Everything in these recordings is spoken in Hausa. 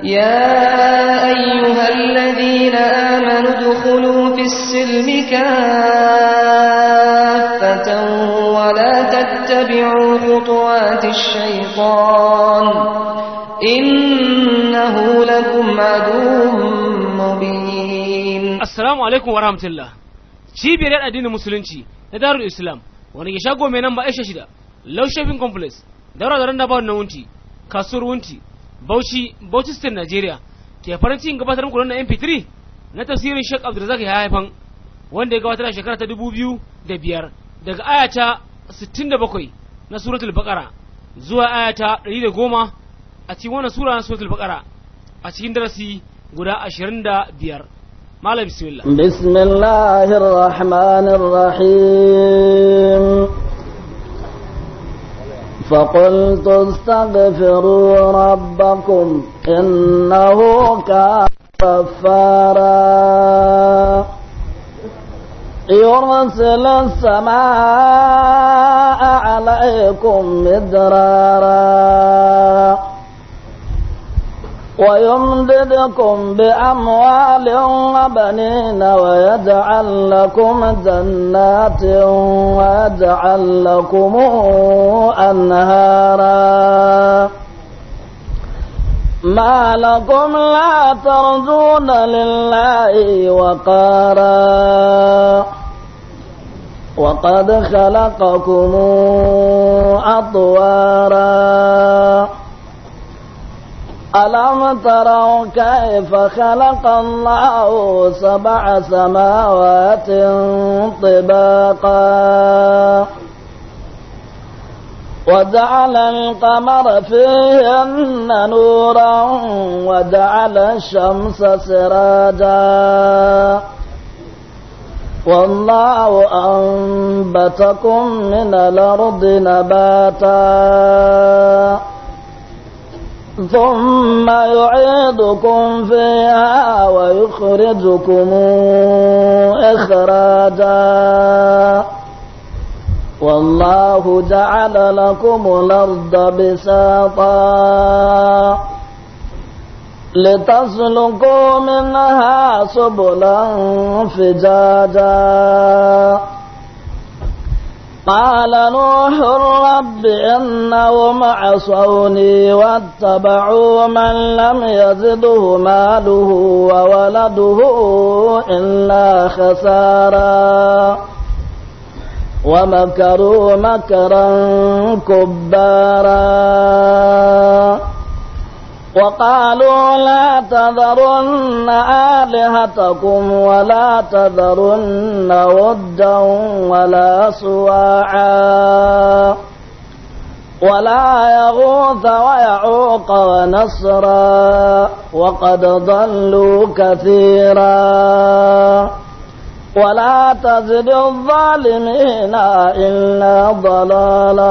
يا أيها الذين آمنوا ادخلوا في السلم كافة ولا تتبعوا خطوات الشيطان إنه لكم عدو مبين السلام عليكم ورحمة الله شيبي رأى الدين المسلمين ندار الإسلام وانا يشاقوا من نمبر إيش لو شايفين كومبلس دارا دارا نبار نونتي كسر ونتي Bauchi Bauchi State Nigeria ke farin cikin gabatar muku wannan MP3 na tafsirin Sheikh Abdul Razak ya haifan wanda ya gabatar a shekara ta 2005 daga aya ta 67 na suratul baqara zuwa aya ta 110 a cikin wannan sura na suratul baqara a cikin darasi guda 25 malam bismillah bismillahir rahmanir rahim فقلت استغفروا ربكم إنه كان غفارا يرسل السماء عليكم مدرارا ويمددكم بأموال وبنين ويجعل لكم جنات ويجعل لكم أنهارا ما لكم لا ترجون لله وقارا وقد خلقكم أطوارا ألم تروا كيف خلق الله سبع سماوات طباقا وجعل القمر فيهن نورا وجعل الشمس سراجا والله أنبتكم من الأرض نباتا ثم يعيدكم فيها ويخرجكم إخراجا والله جعل لكم الأرض بساطا لتسلكوا منها سبلا فجاجا قال نوح رب إنهم عصوني واتبعوا من لم يزده ماله وولده إلا خسارا ومكروا مكرا كبارا وقالوا لا تذرن آلهتكم ولا تذرن ودا ولا سواعا ولا يغوث ويعوق ونصرا وقد ضلوا كثيرا ولا تزد الظالمين إلا ضلالا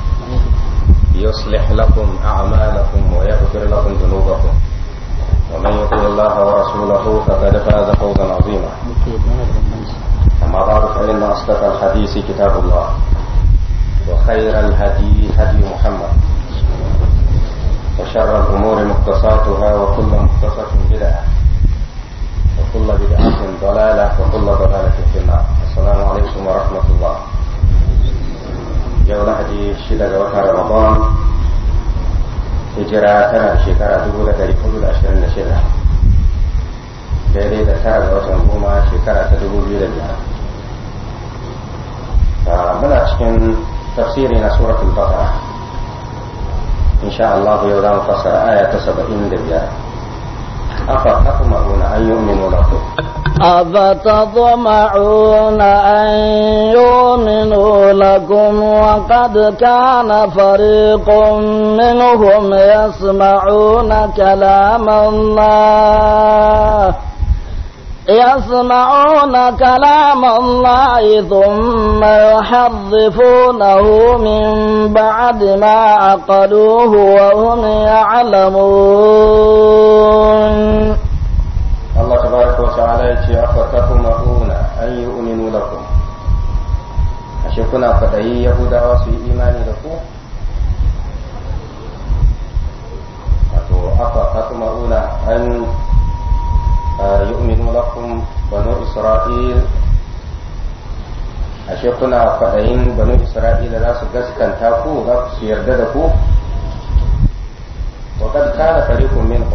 يصلح لكم أعمالكم ويغفر لكم ذنوبكم ومن يطع الله ورسوله فقد فاز فوزا عظيما أما بعد فإن أصدق الحديث كتاب الله وخير الهدي هدي محمد وشر الأمور مقتصاتها وكل مقتصة بدعة وكل بدعة ضلالة وكل ضلالة في النار السلام عليكم ورحمة الله yau lahadi shida ga watan ramadan hijira tara shekara dubu da dari hudu da ashirin da shida daidai da tara ga watan goma shekara ta dubu biyu da biyar ah, muna cikin tafsiri na suratul baqara insha Allah yau za mu fassara aya ta saba'in da biyar أفتطمعون أن يؤمنوا لكم أفتطمعون أن يؤمنوا لكم وقد كان فريق منهم يسمعون كلام الله يسمعون كلام الله ثم يحرفونه من بعد ما عقلوه وهم يعلمون الله تبارك وتعالى يتي أفتطمعون أن يؤمنوا لكم أشكنا اي يهودا وفي إيمان لكم أفتطمعون أن يؤمن لكم بنو إسرائيل ashe kuna kwaɗayin banu isra'ila za su gaskanta ku za su yarda da ku wa kad kana fariqun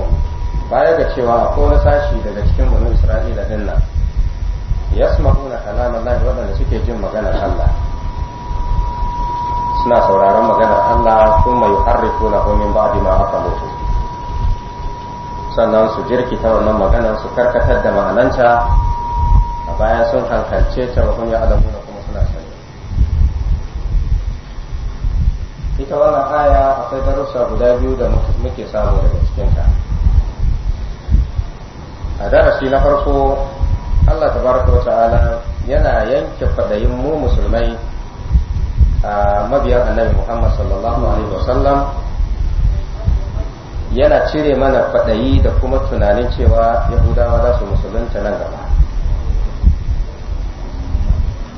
baya ga cewa akwai wani sashi daga cikin banu isra'ila din nan yasma'una kalamallahi waɗanda suke jin maganar Allah suna sauraron maganar Allah kuma yuharrifuna hu min ba'di ma aqaluhu sannan su jirkita wannan maganan su karkatar da ma'ananta a bayan sun hankalce ta wa kun alamu da kuma suna sani ita wannan aya akwai darussa guda biyu da muke samu daga cikinta a darasi na farko Allah ta wa ta'ala yana yanke fadayin mu musulmai a mabiyan annabi Muhammad sallallahu alaihi wasallam yana cire mana kwaɗayi da kuma tunanin cewa yahudawa za su musulunta nan gaba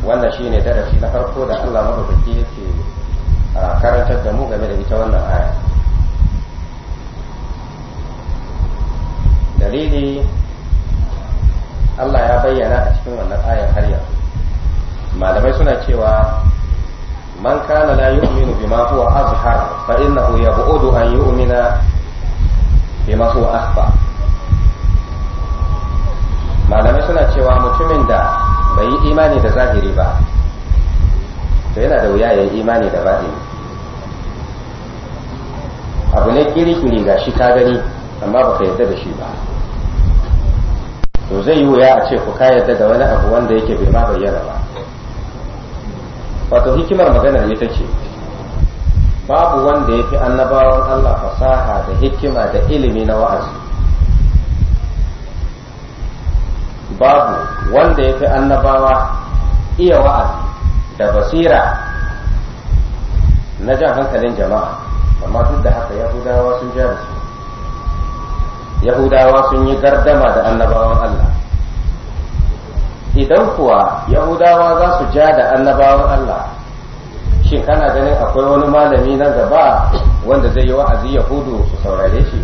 wannan shi ne darasi na farko da allah maɗaukaki yake karantar da mu game da ita wannan aya dalili allah ya bayyana a cikin wannan ayar har yanzu malamai suna cewa man kana la yu'minu bima huwa azhar fa innahu yab'udu an yu'mina bima huwa akhfa malamai suna cewa mutumin da bai yi imani da zahiri ba to yana da wuya ya yi imani da batini abu ne kiri-kiri ga shi ka gani amma baka yadda da shi ba to zai yi wuya a ce ku ka yadda da wani abu wanda yake bai ma bayyana ba wato hikimar maganar ita ce babu wanda ya fi annabawan Allah fasaha da hikima da ilimi na wa'azi babu wanda ya fi annabawa iya wa'azi da basira na jan hankalin jama'a amma duk da haka yahudawa sun ja yahudawa sun yi gardama da annabawan Allah idan kuwa yahudawa za su ja da annabawan Allah shin kana ganin akwai wani malami na gaba wanda zai yi wa'azi ya hudu su saurare shi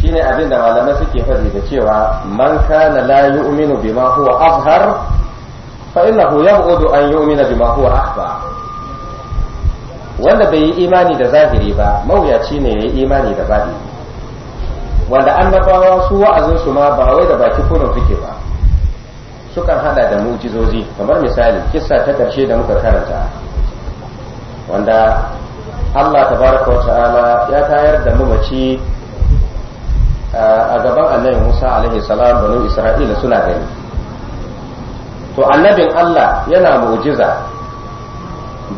shine abin da malamai suke faɗi da cewa man kana la yu'minu bima huwa azhar fa innahu yab'udu an yu'mina bima huwa akhfa wanda bai yi imani da zahiri ba mawuyaci ne ya yi imani da baɗi wanda annabawa su wa'azinsu su ma ba wai da baki kurin suke ba sukan hada da mujizozi kamar misali kissa ta karshe da muka karanta wanda Allah baraka ta'ala ya tayar da mamaci a gaban annabi Musa alaihi salam banu Isra'ila suna gani to annabin Allah yana mujiza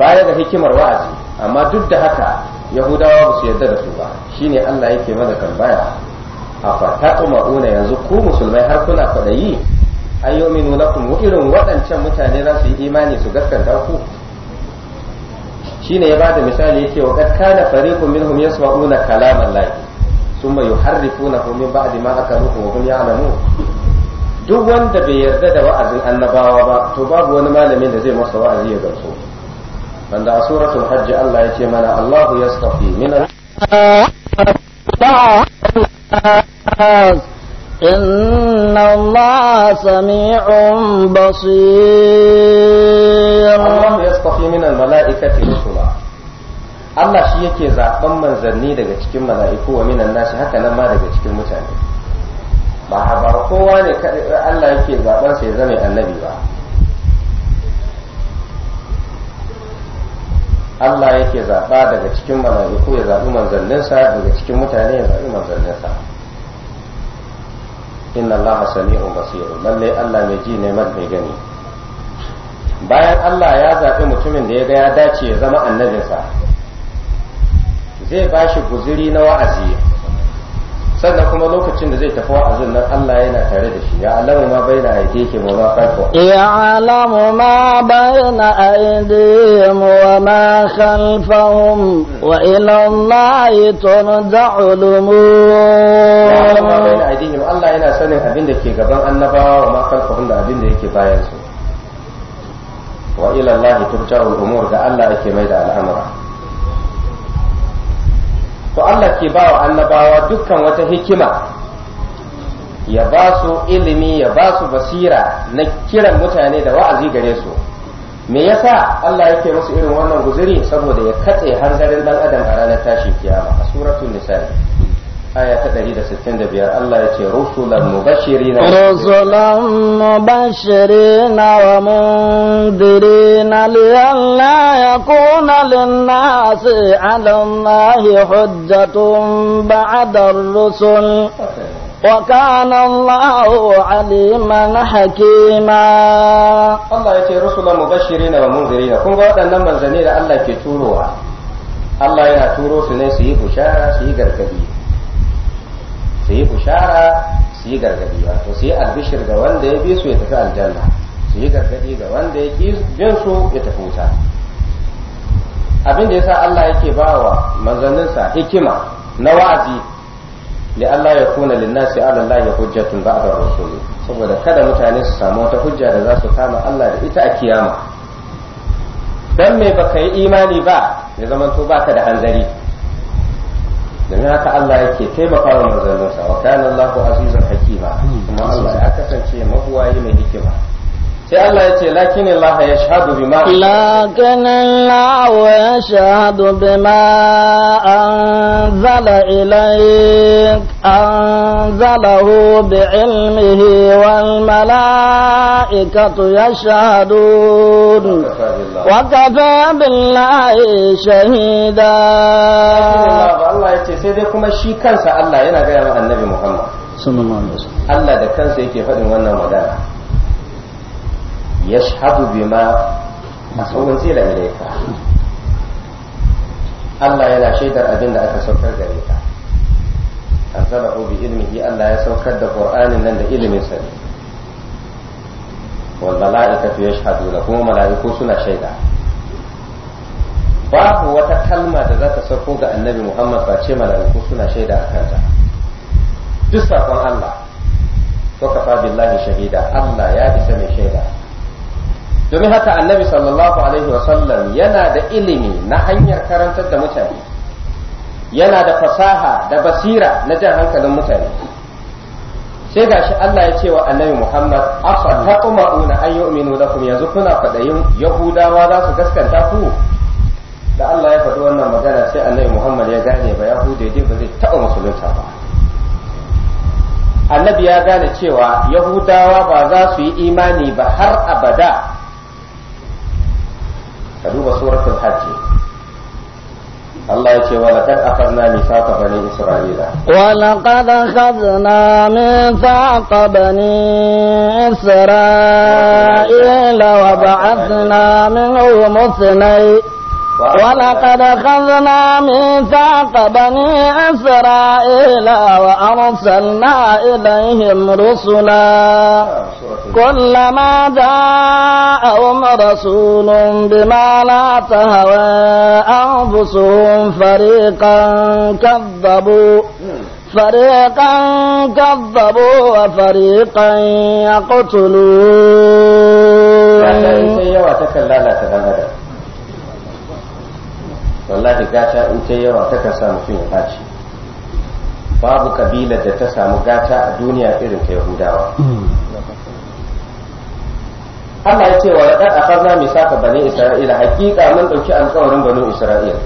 baya da hikimar wa'azi amma duk da haka yahudawa ba su yarda da su ba shine Allah yake mana tambaya a fata yanzu ku musulmai har kuna kwaɗayi an na minu irin waɗancan mutane za su yi imani su gaskanta ku shine ya ba da misali ya wa qad kana fariqun kumin yasma'una kalam Allah thumma yuharrifunahu min ba'di ma akaluhu wa ya ya'lamun duk wanda bai yarda da wa'azin annabawa ba to babu wani malamin da zai masa wa'azi ya gamsu banda a suratul hajji Allah ya ce mana Allahu yastafi min al إن الله سميع بصير الله يصطفي من الملائكة رسلا Allah shi yake zaɓen manzanni daga cikin mala'iku wa minan nashi haka nan ma daga cikin mutane ba a bar kowa ne Allah yake zaɓen sai zame annabi ba Allah yake zaɓa daga cikin mala'iku ya zaɓi manzanninsa daga cikin mutane ya zaɓi manzanninsa inna allaha sami'un Allah mai ji ne mai gani bayan Allah ya zaɓi mutumin da ya ga ya dace ya zama annabinsa zai ba shi guziri na wa'azi sannan kuma lokacin da zai tafi wa'azin nan Allah yana tare da shi ya alamu ma bai na aiki ke wa ma farko ya alamu ma bai na aiki mu wa ma khalfahum wa ila Allah tunza'u mu ya alamu ma bai na Allah yana sanin abin da ke gaban annabawa wa ma khalfahum da abin da yake bayan su wa ila Allah turja'u al-umur da Allah yake mai da al'amura to Allah ke ba wa annabawa dukkan wata hikima ya ba su ilimi ya ba su basira na kiran mutane da wa'azi gare su me yasa Allah yake musu irin wannan guzuri saboda ya katse hanzarin dan adam a ranar tashi kiyama a suratul nisa آية الله رسلا مبشرين رسلا مبشرين ومنذرين لئلا يكون للناس على الله حجة بعد الرسل وكان الله عليما حكيما الله يتي رسلا مبشرين ومنذرين كن غدا نمن زنير الله كي الله يتورو تورو سنه سي بشارة su yi bishara su yi gargadi wato su yi albishir ga wanda ya bi su ya tafi aljanna su yi gargadi ga wanda ya ki bin su ya tafi wuta abin da yasa Allah yake bawa manzanninsa hikima na wa'azi da Allah ya kuna linnasi ala Allah ya hujjatun ba'da rasuli saboda kada mutane su samu wata hujja da za su kama Allah da ita a kiyama dan mai baka yi imani ba ya zamanto baka da hanzari domin haka Allah yake taimaka wa manzanninsa wa kana Allahu azizan hakima hmm. kuma Allah ya kasance mabuwayi mai hikima sai Allah ya ce lakin Allah ya shahadu bima lakin Allah ya shahadu bima anzala ilayk anzalahu bi ilmihi wal malaikatu yashhadun wa kafa billahi shahida Allah ya ce sai dai kuma shi kansa Allah yana ga annabi Muhammad sallallahu alaihi wasallam Allah da kansa yake faɗin wannan magana yashhadu bima unzila ilayka Allah yana shaidar abin da aka saukar gare ka anzalahu bi ilmihi Allah ya saukar da Qur'anin nan da ilimin sa wal mala'ikatu yashhadu kuma mala'iku suna shaida babu wata kalma da zata sauko ga annabi Muhammad face mala'iku suna shaida a kanta duk sakon Allah to kafa billahi shahida Allah ya isa mai shaida domin haka annabi sallallahu alaihi wasallam yana da ilimi na hanyar karantar da mutane yana da fasaha da basira na jan hankalin mutane sai gashi Allah ya ce wa annabi Muhammad afa una an yu'minu lakum yanzu kuna fadayin yahudawa za su gaskanta ku da Allah ya faɗi wannan magana sai annabi Muhammad ya gane ba yahudai dai ba zai taɓa musulunta ba annabi ya gane cewa yahudawa ba za su yi imani ba har abada ka duba suratul hajji Allah ya ce wa laqad akhadna mithaqa bani isra'ila wa laqad akhadna mithaqa bani isra'ila wa ba'athna minhum ithnay ولقد أخذنا ميثاق بني إسرائيل وأرسلنا إليهم رسلا كلما جاءهم رسول بما لا تهوى أنفسهم فريقا كذبوا فريقا كذبوا وفريقا يقتلون wallahi gata in ta yawa takan sa mutum ya ɓaci babu kabila da ta samu gata a duniya irin ta yahudawa Allah ya ce wa laqad mai misaqa bani isra'ila hakika mun ɗauki alƙawarin bane isra'ila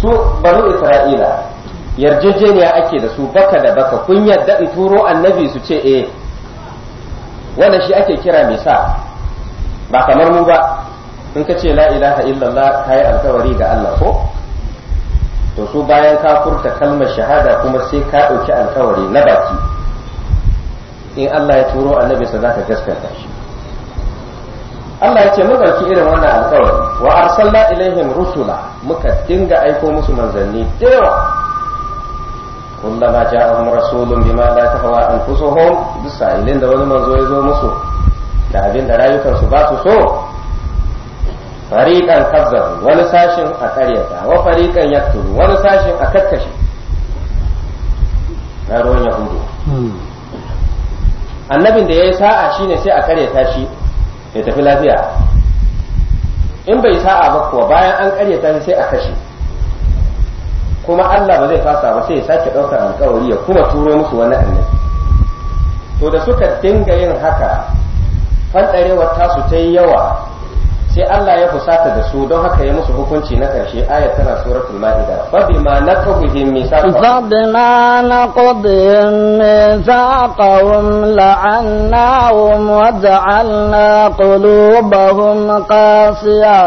su banu isra'ila yarjejeniya ake da su baka da baka kun yadda in turo annabi su ce eh wanda shi ake kira misa ba kamar mu ba in ka ce la ilaha illallah ka yi alkawari ga Allah ko to su bayan ka furta kalmar shahada kuma sai ka ɗauki alkawari na baki in Allah ya turo annabi sa za ka gaskata shi Allah ya ce mun ɗauki irin wannan alkawari wa arsalna ilaihim rusula muka dinga aiko musu manzanni da yawa kullama ja'ahum rasulun bima la tahwa anfusuhum bisa ilin da wani manzo ya zo musu da abin da rayukansu ba su so fariqan kazzabu wani sashin a karyata wa fariqan yaktulu wani sashin a kakkashe na ruwan hudu hmm. annabin da yayi sa'a shine sai a karyata shi ya tafi lafiya in bai sa'a ba kuwa bayan an karyata sai a kashe kuma Allah ba zai fasa ba sai ya sake ɗaukar alƙawari ya kuma turo musu wani annabi to da suka dinga yin haka fanɗarewar tasu ta yi yawa sai Allah ya fusata da su don haka ya musu hukunci na ƙarshe ayat tana suratul ma'ida fa bima naqdihim mithaqahum fa bima naqdihim mithaqahum la'annahum wa ja'alna qulubahum qasiya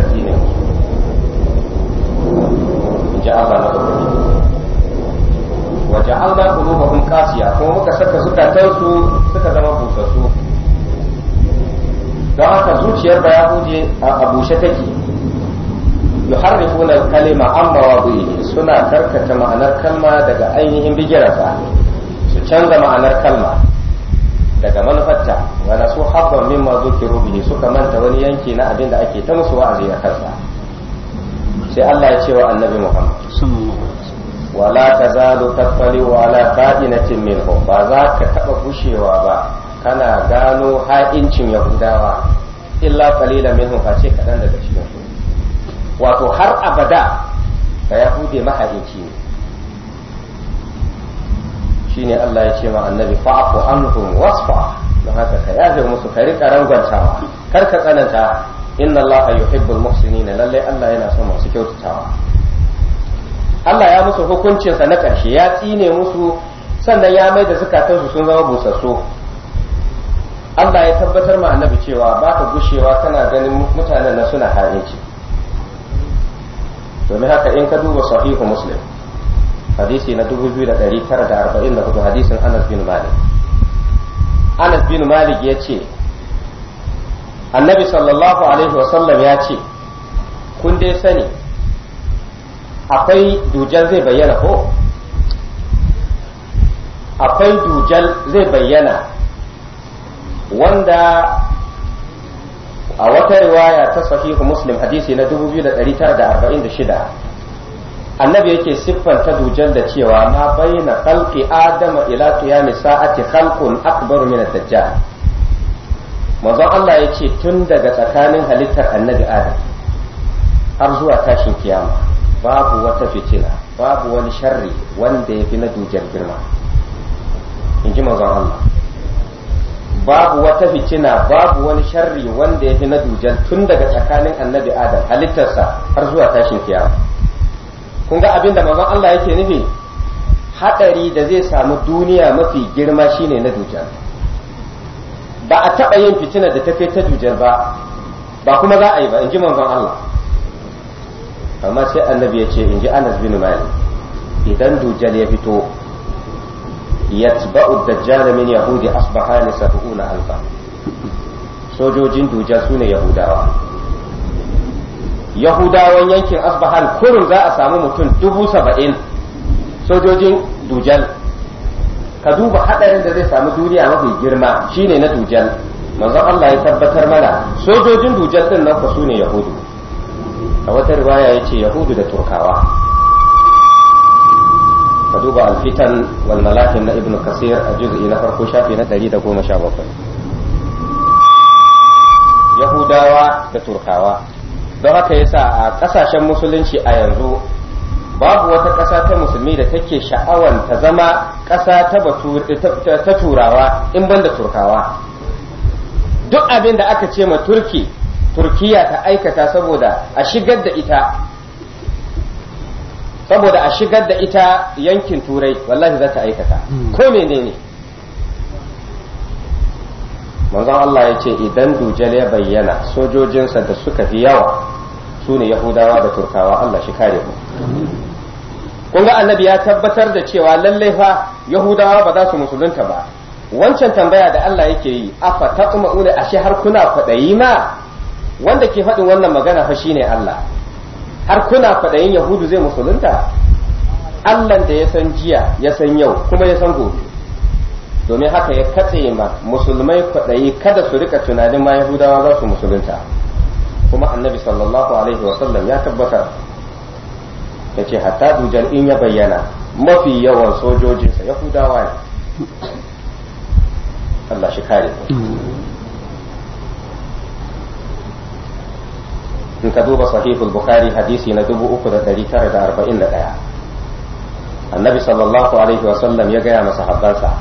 in ji Allah na ɗaukaki wa ja'alna qulubahum qasiya kuma muka saka zukatansu suka zama busassu don haka zuciyar da huje a bushe take yuharrifuna kalima amma mawadihi suna karkata ma'anar kalma daga ainihin bigirarsa su canza ma'anar kalma daga manufarta wala su habban mimma zukiru bihi suka manta wani yanki na abin da ake ta musu wa'azi a kansa sai Allah ya ce wa annabi Muhammad wala tazalu tattali'u ala qa'inatin minhum ba za ka taba gushewa ba kana gano ha'incin yahudawa illa qalila minhum ce kadan daga cikin su wato har abada da yahude mahaici ne shine Allah ya ce wa annabi fa'fu anhum wasfa don haka ka yafe musu ka rika rangwantawa kar ka tsananta inna Allah yuhibbul muhsinin lalle Allah yana son masu kyautatawa Allah ya musu hukuncinsa na ƙarshe ya tsine musu sannan ya mai da zukatansu sun zama busassu Allah ya tabbatar ma annabi cewa ba ka gushewa kana ganin mutanen na suna ha'inci domin haka in ka duba sahihu muslim hadisi na 2944 hadisin Anas bin Malik Anas bin Malik ya ce annabi sallallahu alaihi wasallam ya ce kun dai sani akwai dujal zai bayyana ko akwai dujal zai bayyana wanda a wata riwaya ta sahihu muslim hadisi na 2946 annabi yake siffanta dujal da cewa ma bayyana khalqi adama ila qiyamis sa'ati khalqun akbaru min ad-dajjal manzon Allah ya ce tun daga tsakanin halittar annabi adam har zuwa tashin kiyama babu wata fitina babu wani sharri wanda ya fi na dujar girma in ji manzon Allah babu wata fitina babu wani sharri wanda ya fi na dujal tun daga tsakanin annabi adam halittarsa har zuwa tashin kiyama kun ga abin da manzon Allah yake nufi hadari da zai samu duniya mafi girma shine na dujal ba a taɓa yin fitina da ta ta dujar ba ba kuma za a yi ba in ji manzon Allah amma sai annabi ya ce in ji Anas bin Malik idan dujal ya fito yatba'u dajjal min yahudi ni sabuuna alfa sojojin dujal sune yahudawa yahudawan yankin asbahan kurun za a samu mutum dubu saba'in sojojin dujal ka duba hadarin da zai samu duniya mafi girma shine na dujal manzon Allah ya tabbatar mana sojojin dujal din nan su ne yahudu a wata riwaya yace yahudu da turkawa ka duba alfitan wal malakin na ibnu kasir a juz'i na farko shafi na 117 yahudawa da turkawa don haka yasa a kasashen musulunci a yanzu babu wata ƙasa ta musulmi da take sha'awan ta zama ƙasa ta turawa in banda turkawa duk abin da aka ce ma turki turkiya ta aikata saboda a shigar da ita saboda a shigar da ita yankin turai wallahi za ta aikata hmm. ko menene manzon Allah ya ce idan dujal ya bayyana sojojinsa da suka fi yawa su ne yahudawa da turkawa Allah shi kare mu kun ga annabi ya tabbatar da cewa lallai fa yahudawa ba za su musulunta ba wancan tambaya da Allah yake yi afa ule ashe har kuna fadayi ma wanda ke faɗin wannan magana fa shine Allah har kuna kwaɗayin yahudu zai musulunta Allah da ya san jiya ya san yau kuma ya san gobe domin haka ya katse ma musulmai kwaɗayi kada su rika tunanin ma yahudawa za su musulunta kuma annabi sallallahu alaihi wasallam ya tabbatar ya ce hatta dujal in ya bayyana mafi yawan sojojinsa yahudawa ne Allah shi kare in ka duba sahihul bukhari hadisi na 3941 annabi sallallahu alaihi wasallam ya gaya masa habbansa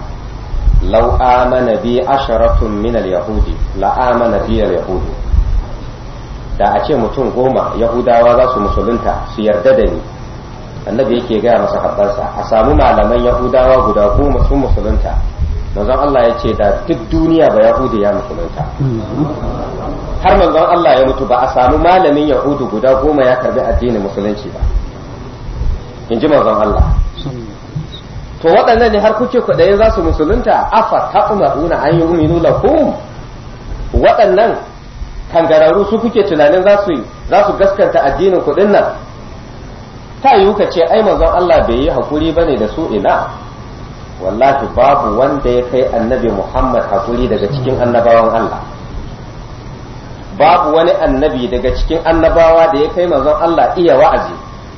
law amana bi asharatun min al-yahudi la amana bi al-yahudi da a ce mutum goma yahudawa za su musulunta su yarda da ni annabi yake gaya masa habbarsa a samu malaman yahudawa guda goma sun musulunta manzon Allah ya ce da duk duniya ba yahudi ya musulunta har manzon Allah ya mutu ba a samu malamin yahudu guda goma ya karbi addinin musulunci ba in ji manzon Allah to waɗannan ne har kuke kwaɗayin za su musulunta afa taqmaruna an yi yu'minu lakum waɗannan kangararru su kuke tunanin za za su gaskanta addinin kuɗin nan ta yi ka ce ai manzon Allah bai yi hakuri bane da su ina wallahi babu wanda ya kai annabi Muhammad hakuri daga cikin annabawan Allah babu wani annabi daga cikin annabawa da ya kai manzon Allah iya wa'azi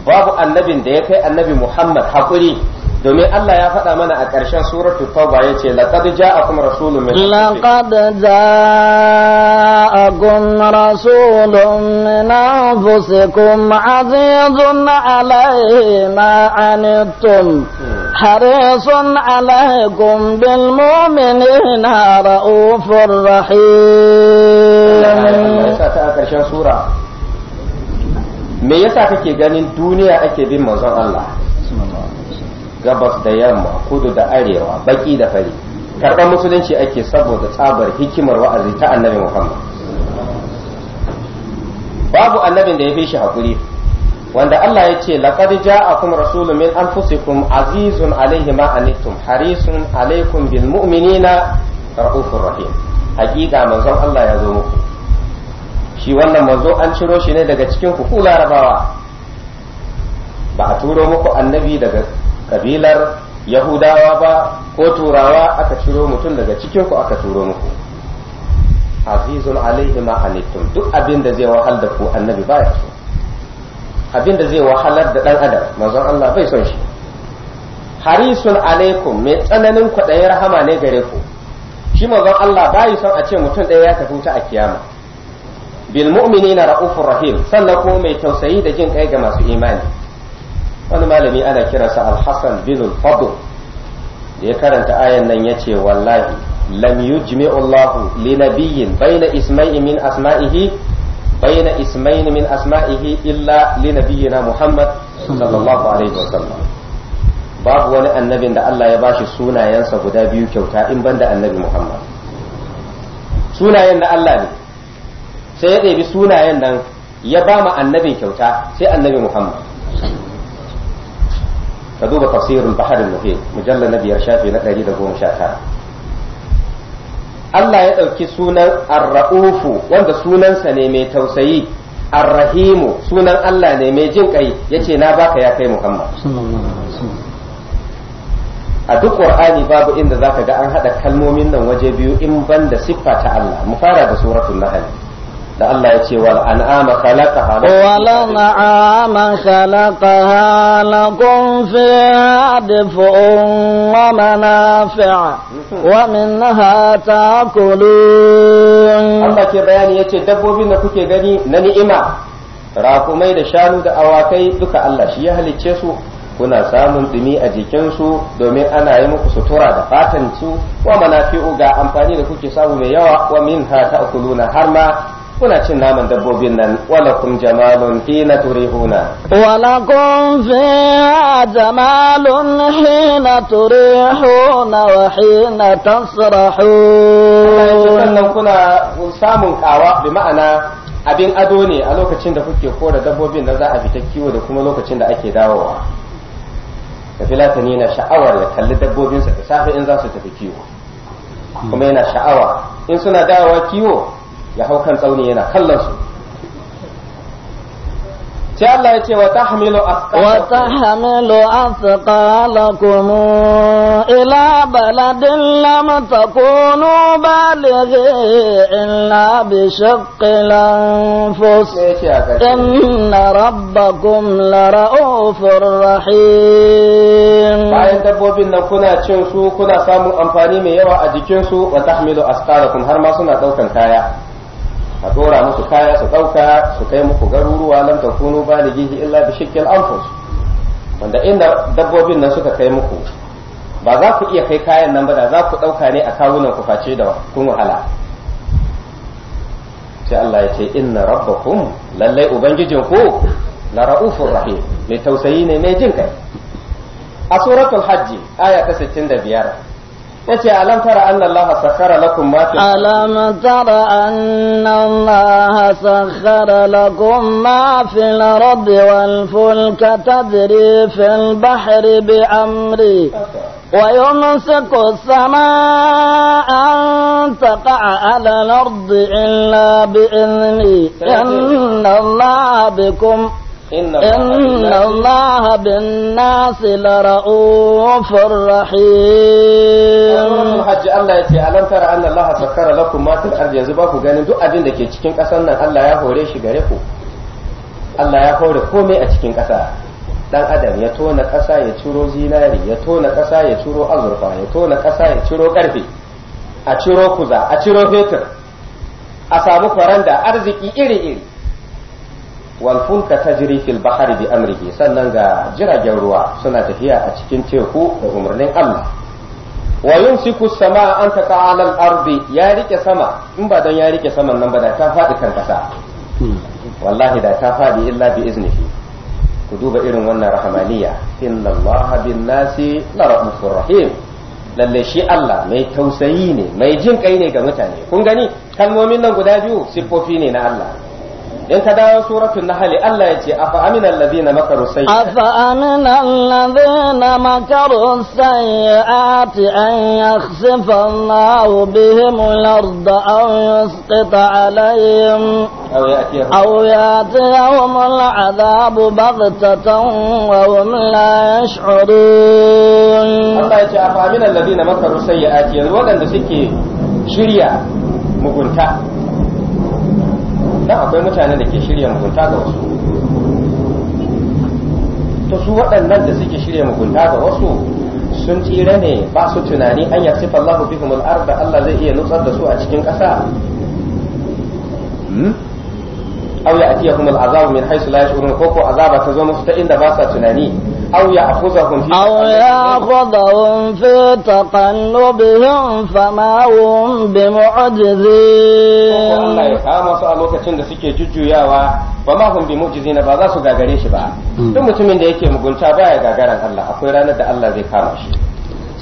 babu annabin da ya kai annabi Muhammad hakuri domin Allah ya faɗa mana a ƙarshen suratul tauba yace laqad ja'akum rasulun min laqad ja'akum rasulun min anfusikum azizun alayhi ma anittum harisun alaykum bil mu'minina raufur rahim ƙarshen sura me yasa kake ganin duniya ake bin manzon Allah gabas da yamma kudu da arewa baki da fari karɓar musulunci ake saboda tsabar hikimar wa'azi ta annabi muhammad babu annabin da ya fi shi haƙuri wanda Allah ya ce laqad ja'akum rasulun min anfusikum azizun alaihi ma anittum harisun alaikum bil mu'minina raufur rahim haƙiƙa manzon Allah ya zo muku shi wannan manzo an ciro shi ne daga cikin ku larabawa ba a turo muku annabi daga kabilar yahudawa ba ko turawa aka ciro mutum daga cikin ku aka turo muku azizun alaihi ma anittum duk abin da zai wahal da ku annabi baya so abin da zai wahalar da dan adam manzon Allah bai son shi harisun alaikum mai tsananin kwaɗayin rahama ne gare ku shi manzon Allah bai son a ce mutum ɗaya ya tafi wuta a kiyama bil mu'minina ra'ufur rahim sannan kuma mai tausayi da jin kai ga masu imani wani malami ana kiransa Alhassan, hasan bin fadl da ya karanta ayan nan ya ce wallahi lam yujmi'u Allahu li nabiyyin baina isma'i min asma'ihi baina isma'i min asma'ihi illa li nabiyyina Muhammad sallallahu alaihi wasallam babu wani annabin da Allah ya bashi sunayensa guda biyu kyauta in banda annabi Muhammad sunayen da Allah ne sai ya ɗebi sunayen nan ya ba mu annabin kyauta sai annabi Muhammad ka duba tafsirin baharin muhim mujallar na biyar shafi na ɗari da goma sha tara Allah ya ɗauki sunan arra'ufu wanda sunansa ne mai tausayi arrahimu sunan Allah ne mai jin ƙai ya ce na baka ya kai Muhammad a duk ƙur'ani babu inda zaka ga an haɗa kalmomin nan waje biyu in ban da siffa ta Allah mu fara da suratul nahl da Allah ya ce wal an'ama khalaqaha wal an'ama khalaqaha lakum fiha dif'un wa manafi'a wa minha ta'kulun Allah ke bayani yace dabbobin da kuke gani na ni'ima rakumai da shanu da awakai duka Allah shi ya halicce su kuna samun dumi a jikinsu domin ana yi muku sutura da fatan su wa manafi'u ga amfani da kuke samu mai yawa wa min ha ta'kuluna har ma kuna cin naman dabbobin nan walakum jamalun hina turihuna walakum fi jamalun hina turihuna wa hina tasrahu sannan kuna samun kawa bi ma'ana abin ado ne a lokacin da kuke kora dabbobin da za a fita kiwo da kuma lokacin da ake dawowa da filatani na sha'awar ya kalli dabbobinsa da safe in za su tafi kiwo kuma yana sha'awa in suna dawowa kiwo ya hau kan tsauni yana kallon su sai Allah ya ce wa tahmilu asqalakum wa tahmilu asqalakum ila baladin lam takunu balighi illa bi shaqqil anfus inna rabbakum la ra'ufur rahim bayan dabbobin nan kuna cin su kuna samun amfani mai yawa a jikin su wa tahmilu asqalakum har ma suna daukan kaya a dora musu kaya su ɗauka su kai muku garuruwa lam takunu balighihi illa bi shikkil anfus wanda inda dabbobin nan suka kai muku ba za ku iya kai kayan nan ba da za ku ɗauka ne a kawunan ku face da kun wahala sai Allah ya ce inna rabbakum lallai ubangijin ku la ra'ufur rahim mai tausayi ne mai jin kai a suratul hajji aya ta 65 yace alam tara anna Allah sakhara lakum ma fi alam tara anna Allah sakhara lakum ma fi al-ard wal fulka tadri fi al bahr bi amri ويمسك السماء أن تقع على الأرض إلا بإذنه إن الله بكم إن الله بالناس لرؤوف رحيم hajji Allah ya ce alam tara anna Allah sakkara lakum ma fil ba ku ganin duk abin da ke cikin ƙasar nan Allah ya hore shi gare ku Allah ya hore komai a cikin ƙasa ɗan adam ya tona ƙasa ya ciro zinari ya tona ƙasa ya ciro azurfa ya tona ƙasa ya ciro ƙarfe a ciro kuza a ciro fetur a samu faranda arziki iri iri wal ta tajri fil bahari bi amrihi sannan ga jiragen ruwa suna tafiya a cikin teku da umarnin Allah wa yumsiku samaa an taqa ala al ardi ya rike sama in ba dan ya rike saman nan ba da ta fadi kan kasa wallahi da ta fadi illa bi iznihi ku duba irin wannan rahmaniyya. inna allaha bin nasi la rahmatur rahim lalle shi Allah mai tausayi ne mai jin kai ne ga mutane kun gani kalmomin nan guda biyu siffofi ne na Allah in ka dawo suratul nahl Allah ya ce afa amina alladhina makaru sayyi afa amina alladhina makaru sayyiati an yakhsifa Allahu bihim al-ard aw yusqita alayhim aw yatihum al-adhab baghtatan wa hum la yash'urun Allah ya ce afa amina alladhina makaru sayyiati yanzu wadanda suke shirya mugunta dan akwai mutane da ke shirya mugunta ga wasu to su waɗannan da suke shirya mugunta ga wasu sun tsira ne ba su tunani an yasifa Allah bihum al-ard Allah zai iya nutsar da su a cikin ƙasa hmm? aw ya'tiyahum al-azab min haythu la yash'urun ko ko azaba ta zo musu ta inda ba sa tunani أو يأخذهم في أو يأخذهم في تقلبهم فما هم بمعجزين الله يكام سؤالوك تند سكي ججو ياوا وما هم بمعجزين بعضا سوغا غريش با دم تمين ديكي مقلتا بايا غاغران الله أخيرانا دا الله ذي كامش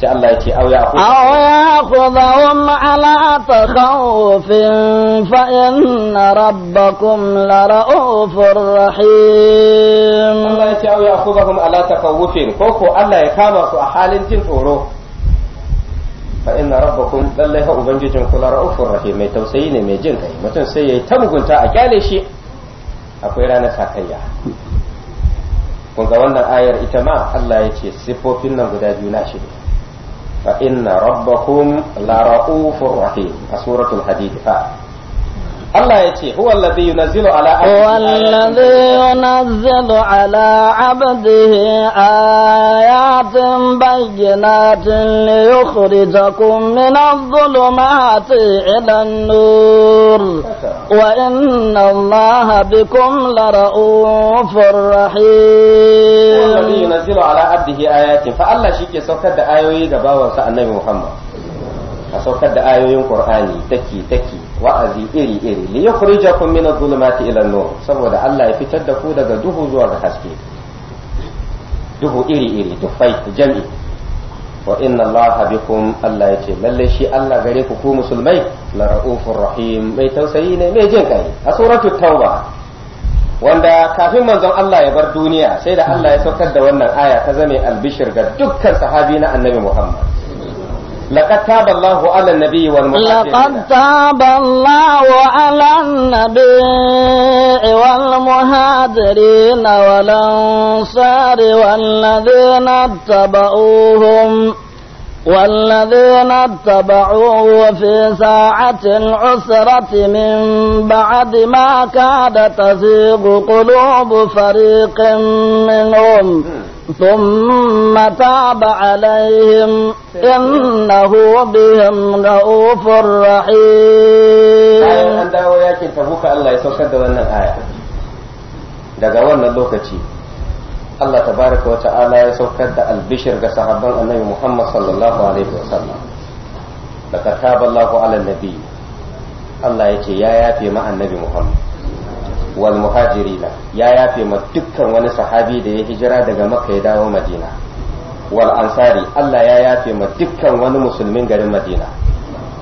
sai Allah ya ce au ya khudahum ala takhawfin fa inna rabbakum la ra'ufur rahim Allah ya ce au ya khudahum ala takhawfin ko ko Allah ya kama su a halin jin tsoro fa inna rabbakum lallai ha ubangijin ku la ra'ufur rahim mai tausayi ne mai jin kai mutum sai yayi ta mugunta a kyale shi akwai ranar sakayya kun ga wannan ayar ita ma Allah ya ce siffofin nan guda biyu na shi ne فإن ربكم لرؤوف رحيم سورة الحديد آه. Allah ya ce huwa alladhi yunazzilu ala abdihi huwa alladhi yunazzilu ala abdihi ayatin bayyinatin liyukhrijakum min adh-dhulumati ila an-nur wa inna Allaha bikum lara'ufur rahim huwa alladhi ala abdihi ayatin fa Allah shi ke saukar da ayoyi ga Annabi Muhammad a saukar ayoyin Qur'ani wa'azi iri-iri li yukhrijakum min adh-dhulumati ila an-nur saboda Allah ya fitar da ku daga duhu zuwa ga haske duhu iri-iri dufai jami wa inna Allah bikum Allah yace lalle shi Allah gare ku ku musulmai la raufur rahim mai tausayi ne mai jin kai a suratul tauba wanda kafin manzon Allah ya bar duniya sai da Allah ya saukar da wannan aya ta zame albishir ga dukkan sahabi na annabi Muhammad لقد تاب الله على النبي والمهاجرين لقد تاب الله على النبي والمهاجرين والأنصار والذين اتبعوهم والذين اتبعوه في ساعة العسرة من بعد ما كاد تزيغ قلوب فريق منهم ثم تاب عليهم إنه بهم رؤوف رحيم أن دعوا يكن تبوك الله يسوك دوانا آية daga wannan lokaci Allah tabaraka wa ta'ala ya saukar da albishir ga sahabban annabi Muhammad sallallahu alaihi wasallam laqad taba Allahu ala nabi Allah ya yafe ma annabi Muhammad wal ya yafe ma dukkan wani sahabi da ya hijira daga makka ya dawo madina wal ansari Allah ya yafe ma dukkan wani musulmin garin madina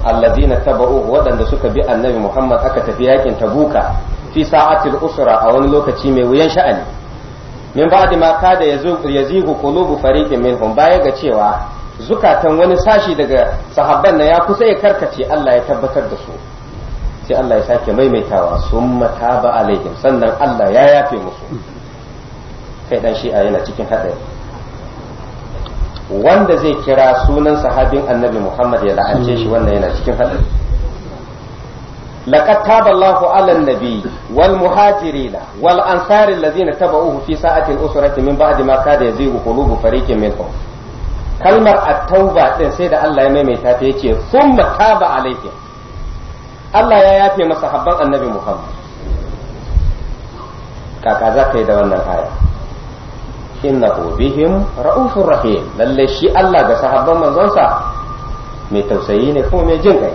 allazina taba'u waɗanda suka bi annabi muhammad aka tafi yakin tabuka fi sa'atil usra a wani lokaci mai wuyan sha'ani min ba'di ma kada yazigu qulubu fariqin minhum baya ga cewa zukatan wani sashi daga sahabban na ya kusa ya karkace Allah ya tabbatar da su sai Allah ya sake maimaitawa sun mata ba alaihim sannan Allah ya yafe musu kai dan shi'a yana cikin haɗari wanda zai kira sunan sahabin annabi Muhammad ya la'ance shi wannan yana cikin haɗari لقد تاب الله على النبي والمهاجرين والأنصار الذين تبعوه في ساعة الأسرة من بعد ما كاد يزيغ قلوب فريق منهم كلمة التوبة سيد الله يميمي تاتي ثم تاب عليهم Allah ya yafe masa habban annabi Muhammad kaka za ka yi da wannan aya Inna bihim ra'ufur rahim lalle shi Allah ga sahabban manzonsa mai tausayi ne kuma mai jin kai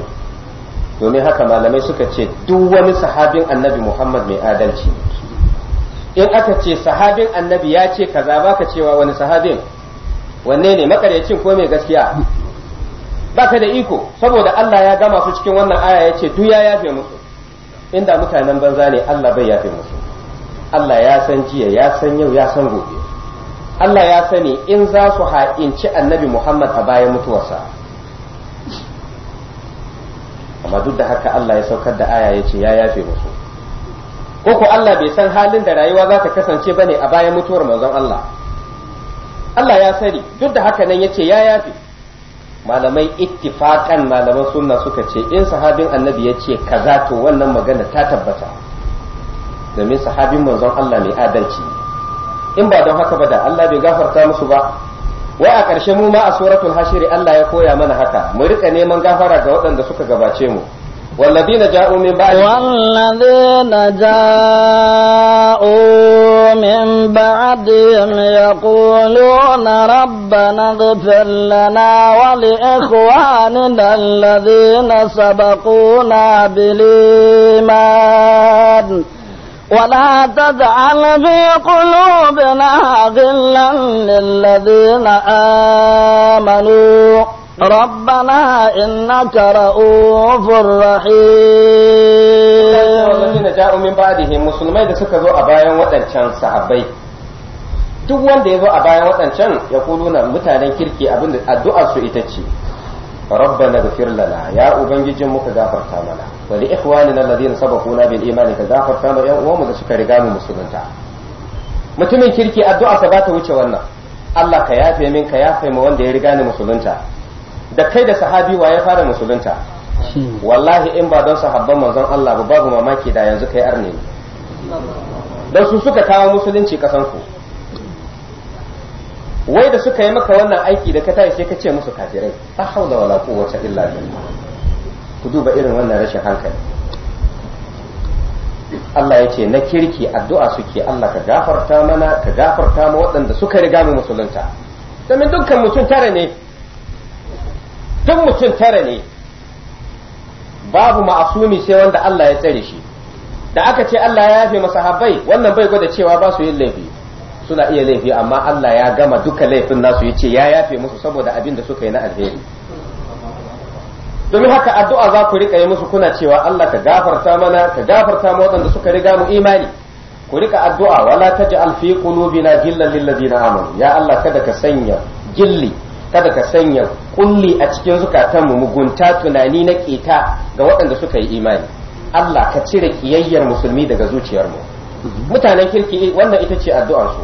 domin haka malamai suka ce duk wani sahabin annabi Muhammad mai adalci in aka ce sahabin annabi ya ce kaza baka cewa wani sahabin wanne ne makaryacin ko mai gaskiya baka da iko saboda Allah ya gama su cikin wannan aya ya ce duk ya yafe musu inda mutanen banza ne Allah bai yafe musu Allah ya san jiya ya san yau ya san gobe Allah ya sani in za su ha'inci annabi Muhammad a bayan mutuwarsa amma duk da haka Allah ya saukar da aya ya ce ya yafe musu ko Allah bai san halin da rayuwa za ta kasance bane a bayan mutuwar manzon Allah Allah ya sani duk da haka nan ya ce ya yafe malamai ittifakan malaman sunna suka ce in sahabin annabi ya ce kaza to wannan magana ta tabbata domin sahabin manzon Allah mai adalci in ba don haka ba da Allah bai gafarta musu ba wai a ƙarshe mu ma a suratul hashiri Allah ya koya mana haka mu rika neman gafara ga waɗanda suka gabace mu والذين جاءوا من بعد والذين جاءوا من بعدهم يقولون ربنا اغفر لنا ولإخواننا الذين سبقونا بالإيمان ولا تجعل في قلوبنا غلا للذين آمنوا ربنا إنك رؤوف رحيم والذين جاءوا من da suka zo a bayan waɗancan sahabbai duk wanda ya zo a bayan waɗancan ya kuluna mutanen kirki abinda addu'ar su ita ce rabbana ghfir lana ya ubangijin muka gafarta mana wa li ikhwanina alladhina sabaquna bil imani ka gafarta mana yan uwanmu da suka riga mu musulunta mutumin kirki addu'a sa ba ta wuce wannan Allah ka yafe min ka wanda ya riga ni musulunta da kai da sahabi wa ya fara musulunta wallahi in ba don sahabban manzon Allah ba babu mamaki da yanzu kai arne ne don su suka kawo musulunci kasan ku wai da suka yi maka wannan aiki da ka tayi sai ka ce musu kafirai ta haula wala quwwata illa billah ku duba irin wannan rashin hankali Allah ya ce na kirki addu'a suke Allah ka gafarta mana ka gafarta ma waɗanda suka riga mu musulunta domin dukkan mutum tare ne duk mutum tara ne babu ma'asumi sai wanda Allah ya tsare shi da aka ce Allah ya yafe masahabbai wannan bai gwada cewa ba su yin laifi suna iya laifi amma Allah ya gama duka laifin nasu yace ya yafe musu saboda abin da suka yi na alheri domin haka addu'a za ku rika yi musu kuna cewa Allah ka gafarta mana ka gafarta ma waɗanda suka riga mu imani ku rika addu'a wala taj'al fi qulubina ghillan lil ladina amanu ya Allah kada ka sanya gilli kada ka sanya kulli a cikin zukatan mu mugunta tunani na keta ga waɗanda suka yi imani Allah ka cire kiyayyar musulmi daga zuciyarmu mutanen kirki wannan ita ce addu'ar su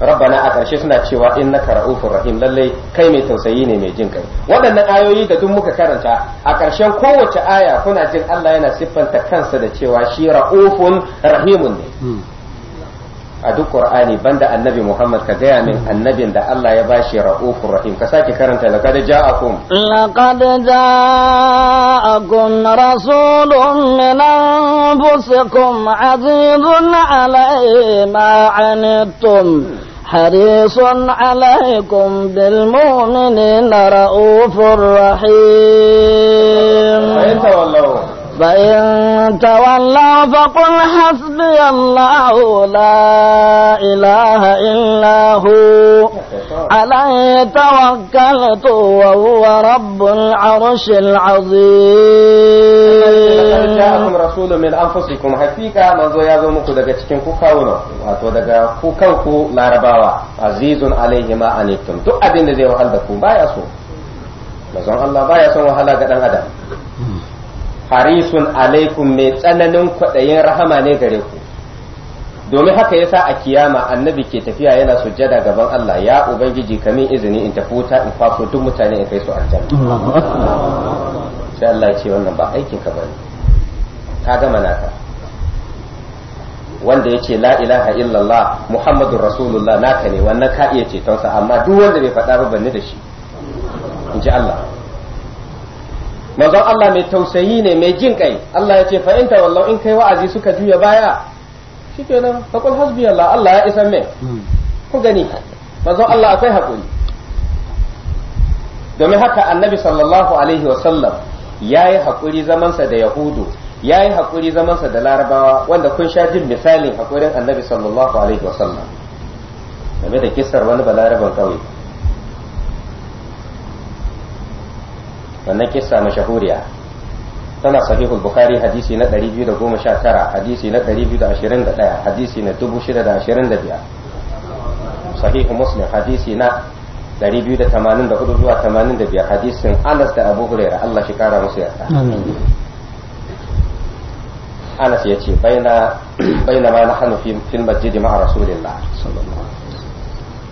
rabbana a ƙarshe suna cewa innaka ra'ufur rahim lalle kai mai tausayi ne mai jin kai waɗannan ayoyi da duk muka karanta a ƙarshen kowace aya kuna jin Allah yana siffanta kansa da cewa shi ra'ufun rahimun ne a duk qur'ani banda annabi muhammad ka gaya min annabin da Allah ya bashi ra'ufur rahim ka sake karanta laqad ja'akum laqad ja'akum rasulun min anfusikum azizun alayhi ma anittum حريص عليكم بالمؤمنين رؤوف رحيم فإن تولوا فقل حسبي الله لا إله إلا هو عليه توكلت وهو رب العرش العظيم جاءكم رسول من أنفسكم حقيقة من زيادة مكودة cikin ku wato daga ku kanku larabawa azizun alaihi ma anittum duk abin zai wahal da ku baya so manzon Allah baya son wahala ga ɗan adam harisun alaikum mai tsananin kwaɗayin rahama ne gare ku domin haka yasa a kiyama annabi ke tafiya yana sujjada gaban Allah ya ubangiji kamin izini in tafi wuta in faso duk mutane in kai su aljanna sai Allah ya ce wannan ba aikin ka bane ka gama naka wanda ya ce la ilaha illallah muhammadun rasulullah naka ne wannan ka iya cetonsa amma duk wanda bai faɗa ba banne da shi in ji Allah manzon Allah mai tausayi ne mai jin kai Allah ya ce fa in tawallau in kai wa'azi suka juya baya shikenan fa qul hasbi Allah Allah ya isa mai hmm. ku gani manzon Allah akwai hakuri domin haka annabi sallallahu alaihi wa sallam yayi hakuri sa da yahudu yayi hakuri sa da larabawa wanda kun sha jin misalin hakurin annabi sallallahu alaihi wa sallam game da kissar wani balaraban kauye wannan kissa mashahuriya tana sahihul bukhari hadisi na 219 hadisi na 221 hadisi na 625 sahihu muslim hadisi na 284 zuwa 85 hadisin anas da abu huraira Allah shi kara musu yarda anas ya ce baina baina ma na hannu fil masjid ma'a rasulillah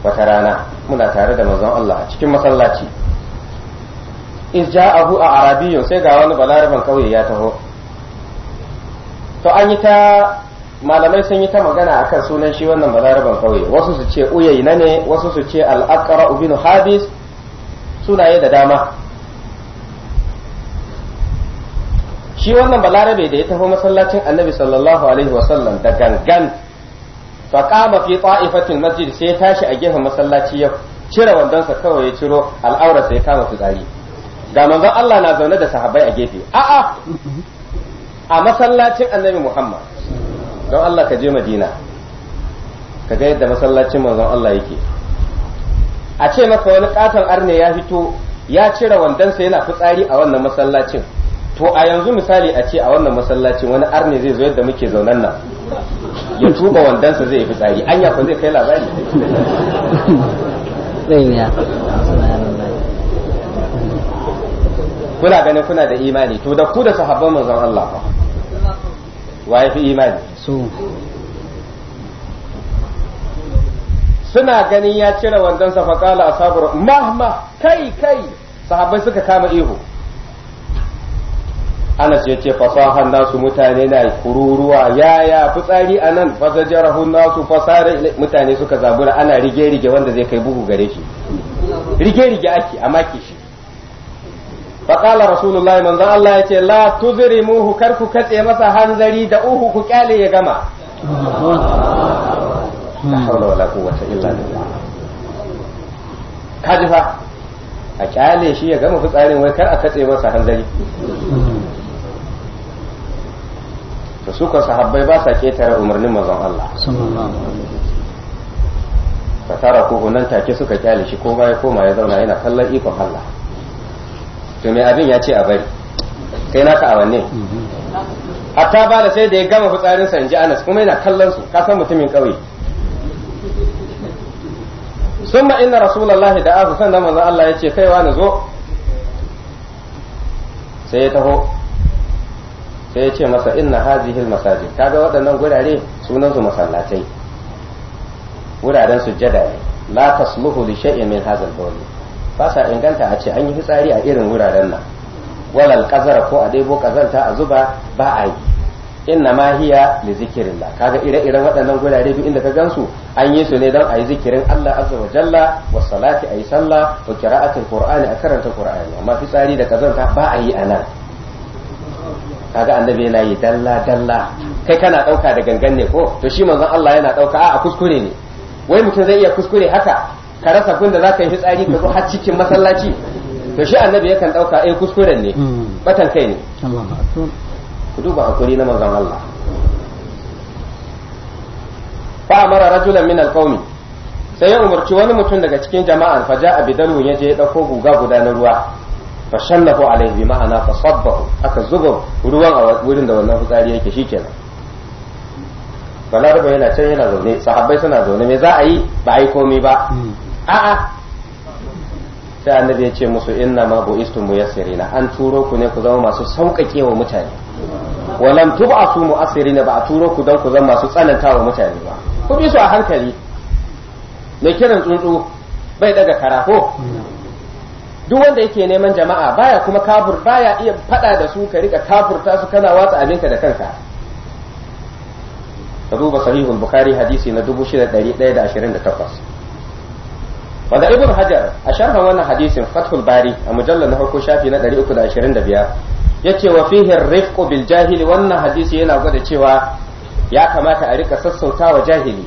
wata rana muna tare da mazan Allah cikin masallaci iz ja'ahu a arabiyyun sai ga wani balaraban kauye ya taho to an yi ta malamai sun yi ta magana akan sunan shi wannan balaraban kauye wasu su ce uyayna ne wasu su ce al'aqra ibn habis sunaye da dama shi wannan balarabe da ya taho masallacin annabi sallallahu alaihi wasallam da gangan kama fi ta'ifatin masjid sai ya tashi a gefen masallaci ya cire wandonsa kawai ya ciro al'aurarsa ya kama fitsari ga manzon Allah na zaune da sahabbai a gefe a'a a masallacin annabi Muhammad don Allah ka je Madina ka ga yadda masallacin manzon Allah yake a ce maka wani katon arne ya fito ya cire wandonsa yana fitsari a wannan masallacin to a yanzu misali a ce a wannan masallacin wani arne zai zo yadda muke zaunan nan ya tuba wandonsa zai yi fitsari anya ko zai kai labari kuna ganin kuna da imani to da ku da sahabban manzon Allah fa waye fi imani su suna ganin ya cire wandon sa faqala asabur mahma kai kai sahabbai suka kama ihu Anas ya ce fasahan nasu mutane na kururuwa yaya fitsari a nan fasajarahu nasu fasara mutane suka zabura ana rige-rige wanda zai kai bugu gare shi rige-rige ake a maki shi faƙala rasulullah manzon Allah ya ce la tuzrimuhu kar ku katse masa hanzari da uhu ku kyale ya gama la hawla wala quwwata illa billah kaji fa a kyale shi ya gama fitsarin wai kar a katse masa hanzari to su kan sahabbai ba sa ketare umarnin manzon Allah fatara ko nan take suka kyale shi ko ya koma ya zauna yana kallon ikon Allah to mai abin ya ce a bari kai naka a wanne hatta ba da sai da ya gama fitsarin san ji Anas kuma yana kallon su kasan mutumin kauye summa inna rasulullahi da ahu sannan manzon Allah ya ce kaiwa na zo sai ya taho sai ya ce masa inna hazihil masajid kaga waɗannan gurare sunan su masallatai wuraren sujjada ne la tasluhu li shay'in min hazal bawli ba sa inganta a ce an yi fitsari a irin wuraren nan walal kazara ko a ɗebo kazanta a zuba ba a yi inna ma hiya li kaga ire-iren waɗannan gurare biyu inda ka gansu an yi su ne don a yi zikirin Allah azza wa jalla wa salati ayi sallah wa qira'atul qur'ani a karanta qur'ani amma fitsari da kazanta ba a yi anan kaga annabi yana yi dalla dalla kai kana dauka da gangan ne ko to shi manzon Allah yana dauka a kuskure ne wai mutum zai iya kuskure haka ka rasa da za ka yi fitsari ka zo har cikin masallaci to shi annabi yakan ɗauka ai eh, kuskuren ne mm. batan kai ne ku duba hakuri na manzon Allah fa amara rajulan min alqaumi sai ya umarci wani mutum daga cikin jama'a fa ja'a bidalu ya je ya dauko guga guda na ruwa fa shannahu alaihi bi ma'ana fa sabbahu aka zuba ruwan a wurin da wannan fitsari yake shikenan balarabe yana can yana zaune sahabbai suna zaune me za a yi ba a yi komai ba mm. a'a sai annabi ya ce musu inna ma bu'istum muyassirina an turo ku ne ku zama masu sauƙaƙe wa mutane walam tub'asu mu'assirina ba a turo ku don ku zama masu tsananta wa mutane ba ku bi su a hankali mai kiran tsuntsu bai daga karafo duk wanda yake neman jama'a baya kuma kafur baya iya fada da su ka rika kafurta su kana watsa abinka da kanka ka duba sahihul bukhari hadisi na 6128 wanda ibn hajar a sharhan wannan hadisin fathul bari a mujallar na farko shafi na 325 yace wa fihi rifqu bil jahili wannan hadisi yana gwada cewa ya kamata a rika sassauta wa jahili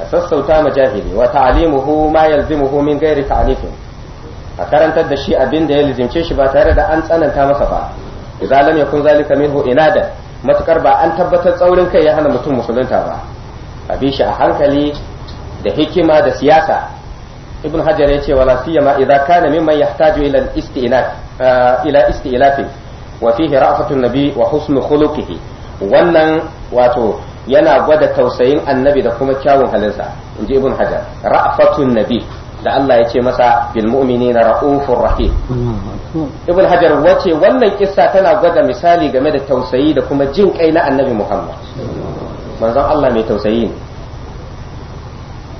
a sassauta ma jahili wa ta'limuhu ma yalzimuhu min ghairi ta'lifin a karantar da shi abin da ya lizimce shi ba tare da an tsananta masa ba idza lam yakun zalika minhu inadan matukar ba an tabbatar tsaurin kai ya hana mutum musulunta ba a bi shi a hankali da hikima da siyasa ibn hajar ce wala siyama idza kana mimman yahtaju ila istinaf uh, ila istilafin wa fihi ra'fatu nabi wa husnu khuluqihi wannan wato yana gwada tausayin annabi da kuma kyawun halinsa inji ibn hajar ra'fatun nabi da Allah ya ce masa bil mu'minina ra'ufur rahim ibn hajar wace wannan kissa tana gwada misali game da tausayi da kuma jin kai na annabi muhammad manzon Allah mai tausayi ne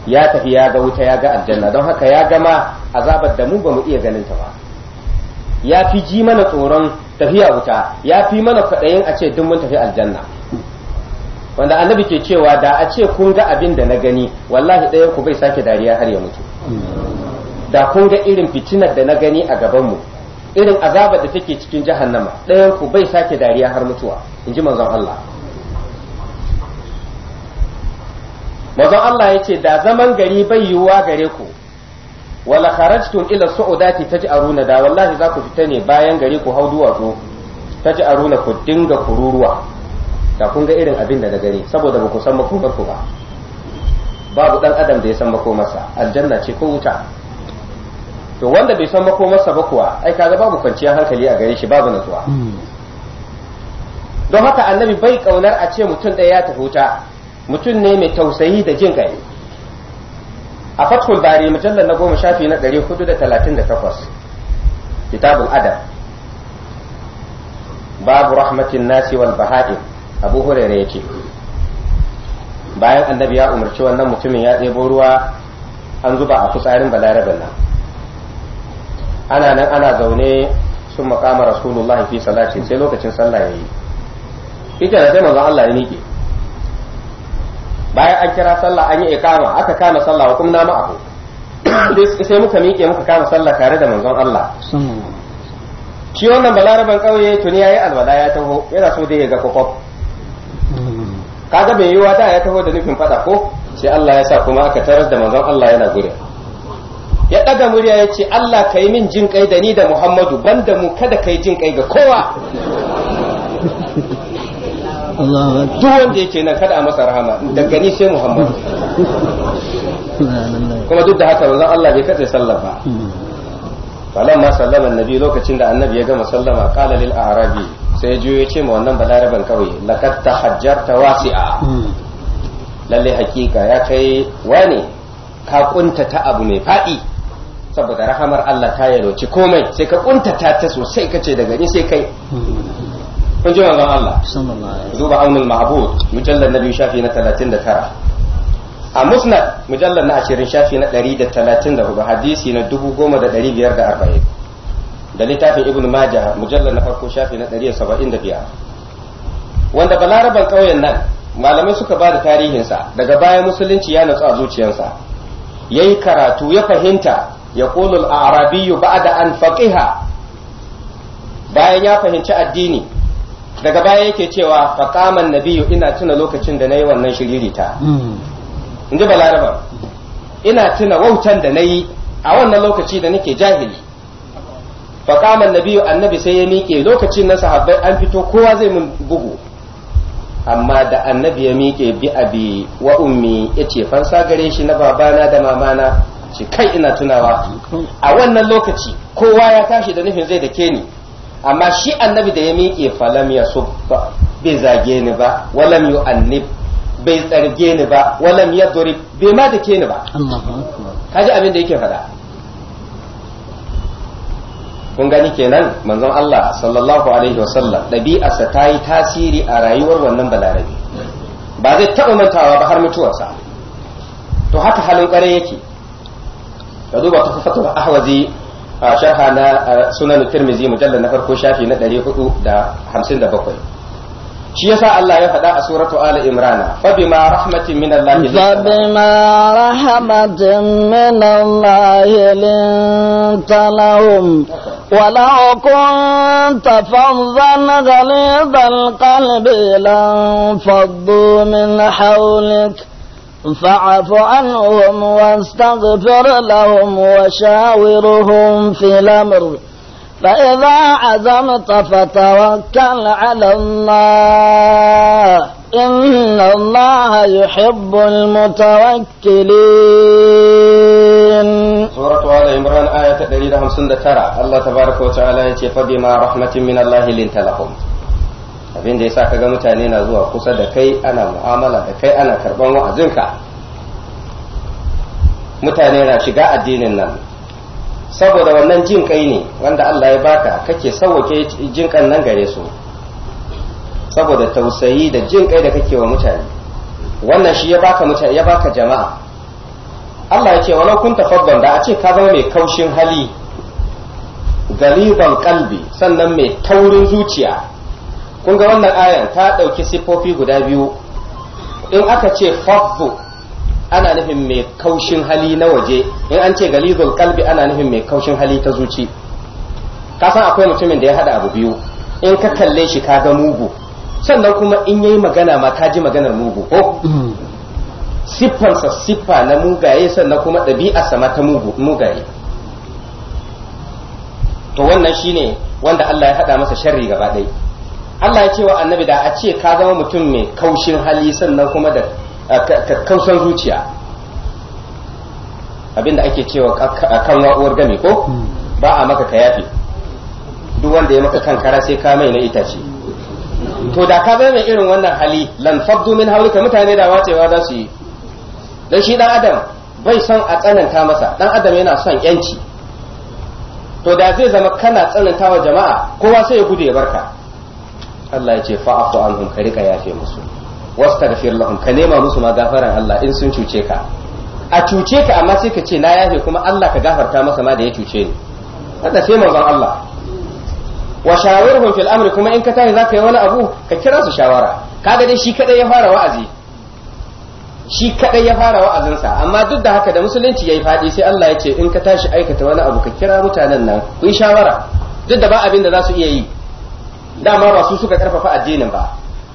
ya tafi ya ga wuta ya ga aljanna don haka ya gama azabar da mu ba mu iya ganin ta ba ya fi ji mana tsoron tafiya wuta ya fi mana kwaɗayin a ce duk mun tafi aljanna wanda annabi ke cewa da a ce kun ga abin da na gani wallahi ɗaya ku bai sake dariya har ya mutu da kun ga irin fitinar da na gani a gaban mu irin azabar da take cikin jahannama ɗayan ku bai sake dariya har mutuwa in ji manzon Allah mazan Allah ya ce da zaman gari bai yiwuwa gare ku wala kharajtum ila su'udati runa da wallahi za ku fita ne bayan gari ku hau duwatsu runa ku dinga kururuwa da kun ga irin abin da da gari saboda ba ku san makomar ba babu dan adam da ya san makomarsa aljanna ce ko wuta to wanda bai san makomarsa ba kuwa ai kaga babu kwanciyar hankali a gare shi babu natsuwa hmm. don haka annabi bai kaunar a ce mutum ɗaya ya tafi wuta mutum ne mai tausayi da jin kai a fathul bari mujallar na goma shafi na ɗari da takwas. kitabul adab babu rahmatin nasi wal baha'im abu ya ce bayan annabi ya umarci wannan mutumin ya ɗebo ruwa an zuba a fitsarin balarabin nan ana nan ana zaune sun makama rasulullahi fi salati sai lokacin sallah yayi ita da sai manzon Allah ya miƙe bayan an kira sallah an yi ikama aka kama sallah wa kuma nama abu sai muka miƙe muka kama sallah tare da manzon Allah shi wannan balaraban kauye tuni yayi alwala ya taho yana so da ya ga kokof kaga bai yiwa da ya taho da nufin fada ko sai Allah ya sa kuma aka taras da manzon Allah yana gure ya daga murya ya ce Allah kai min jin kai da ni da Muhammadu banda mu kada kai jin kai ga kowa duk wanda yake nan kada a masa rahama daga ni sai muhammadu kuma duk da haka manzon Allah bai katse sallafa. ba hmm. ma sallama annabi lokacin da annabi ya gama sallama qala lil arabi sai juyo ya ce ma wannan balaraban kawai laqad tahajjarta wasi'a hmm. lalle hakika ya kai wani ka kuntata abu mai fadi saboda rahamar Allah ta yalwaci komai sai ka kuntata ta sosai kace daga ni sai kai hmm. kun ji manzon Allah duba aunul ma'bud mujallar na biyu shafi na talatin da tara. a musnad mujallar na ashirin shafi na da da talatin 134 hadisi na dubu goma da biyar da da arba'in littafin Ibn majah mujallar na farko shafi na da saba'in biyar. wanda balaraban ƙauyen nan malamai suka ba da tarihinsa daga baya musulunci ya nutsu a zuciyarsa ya yi karatu ya fahimta ya kolul arabiyu ba da an faƙiha bayan ya fahimci addini daga baya yake cewa na biyu ina tuna lokacin da na yi wannan shiririta hmm. in ji balaraba ina tuna wautan da na yi a wannan lokaci da nake jahili na nabiyu annabi sai ya miƙe lokacin na sahabbai an fito kowa zai mun bugu amma da annabi ya miƙe bi abi wa ummi ce fansa gare shi na babana da mamana shi kai ina tunawa a wannan lokaci kowa ya tashi da nufin zai dake ni amma shi annabi da ya miƙe falam ya ba bai zage ni ba walam yu annib bai tsarge ni ba walam ya dori bai ma ke ni ba kaji abin da yake faɗa kun gani kenan manzon Allah sallallahu alaihi wasallam ɗabi'arsa ta yi tasiri a rayuwar wannan balarabi ba zai taɓa mantawa ba har mutuwarsa to haka halin ƙwarai yake ka duba ta fatul ahwazi a sharha na sunan tirmizi mujallar na farko shafi na 457 shi yasa Allah ya faɗa a suratu Ali Imran fa bima rahmatin min Allah fa bima rahmatin min Allah linta lahum ولو كنت فظا غليظ القلب لانفضوا من حولك فاعف عنهم واستغفر لهم وشاورهم في الأمر فإذا عزمت فتوكل على الله إن الله يحب المتوكلين سورة آل عمران آية 159 الله تبارك وتعالى فبما رحمة من الله لنت لهم abin da ya sa kaga mutane na zuwa kusa da kai ana mu'amala da kai ana karban wa'azinka mutane na shiga addinin nan saboda wannan jin kai ne wanda Allah ya baka kake sauwake jin kan nan gare su saboda tausayi da jin kai da kake wa mutane wannan shi ya baka mutane ya baka jama'a Allah ya ce walau kun tafaddan da a ce ka zama mai kaushin hali galiban kalbi sannan mai taurin zuciya kun ga wannan ayan ta ɗauki siffofi guda biyu in aka ce faffu ana nufin mai kaushin hali na waje in an ce galizul kalbi ana nufin mai kaushin hali ta zuci ka san akwai mutumin da ya hada abu biyu in ka kalle shi ka ga mugu sannan kuma in yayi magana ma ka ji maganar mugu ko siffansa siffa na mugaye sannan kuma ɗabi'a sama ta mugaye to wannan shine wanda Allah ya haɗa masa sharri gaba ɗaya Allah ya ce wa annabi da a ce ka zama mutum mai kaushin hali sannan kuma da kakkausan zuciya abinda ake cewa kan wa'uwar gami ko ba a maka ka yafe duk wanda ya maka kankara sai ka mai na itace to da ka zama irin wannan hali lan faddu min haulika mutane da wacewa za su yi dan shi dan adam bai son a tsananta masa dan adam yana son yanci to da zai zama kana tsananta wa jama'a kowa sai ya gudu ya barka Allah ya ce fa'afu anhum ka rika yafe musu wastaghfir lahum ka nema musu ma gafaran Allah in sun cuce ka a cuce ka amma sai ka ce na yafe kuma Allah ka gafarta masa ma da ya cuce ni wanda sai manzon Allah wa shawirhum fil amri kuma in ka tashi zaka yi wani abu ka kira su shawara kaga dai shi kadai ya fara wa'azi shi kadai ya fara wa'azinsa amma duk da haka da musulunci yayi fadi sai Allah ya ce in ka tashi aikata wani abu ka kira mutanen nan ku yi shawara duk da ba abin da za su iya yi dama ba su suka karfafa addinin ba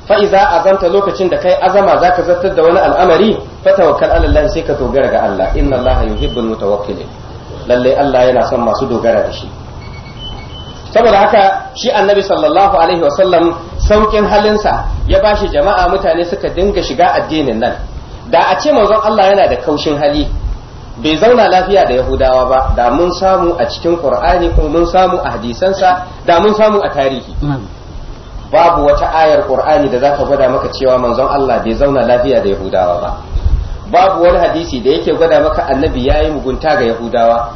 fa iza azanta lokacin da kai azama zaka zartar da wani al'amari fa tawakkal ala Allah sai ka dogara ga Allah inna Allah yuhibbul mutawakkilin lalle Allah yana son masu dogara da shi saboda haka shi annabi sallallahu alaihi wa sallam saukin halinsa ya bashi jama'a mutane suka dinga shiga addinin nan da a ce manzon Allah yana da kaushin hali bai zauna lafiya da Yahudawa ba da mun samu a cikin Qur'ani ko mun samu a hadisansa da mun samu a tarihi babu wata ayar qur'ani da zaka gwada maka cewa manzon Allah bai zauna lafiya da yahudawa ba babu wani hadisi da yake gwada maka annabi yayi mugunta ga yahudawa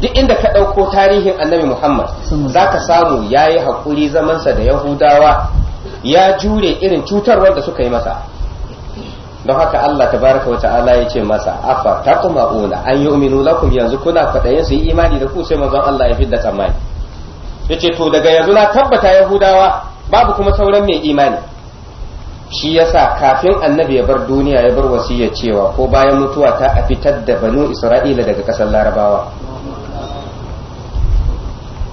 duk inda ka ɗauko tarihin annabi muhammad zaka samu yayi hakuri zamansa da yahudawa ya jure irin cutar wanda suka yi masa don haka Allah tabaraka wa ta'ala ya ce masa afa taqma'una an yu'minu lakum yanzu kuna fadayin su yi imani da ku sai manzon Allah ya fidda tsammani yace to daga yanzu na tabbata yahudawa babu kuma sauran mai imani shi yasa kafin annabi ya bar duniya ya bar wasiya cewa ko bayan mutuwa ta a fitar da banu isra'ila daga kasar larabawa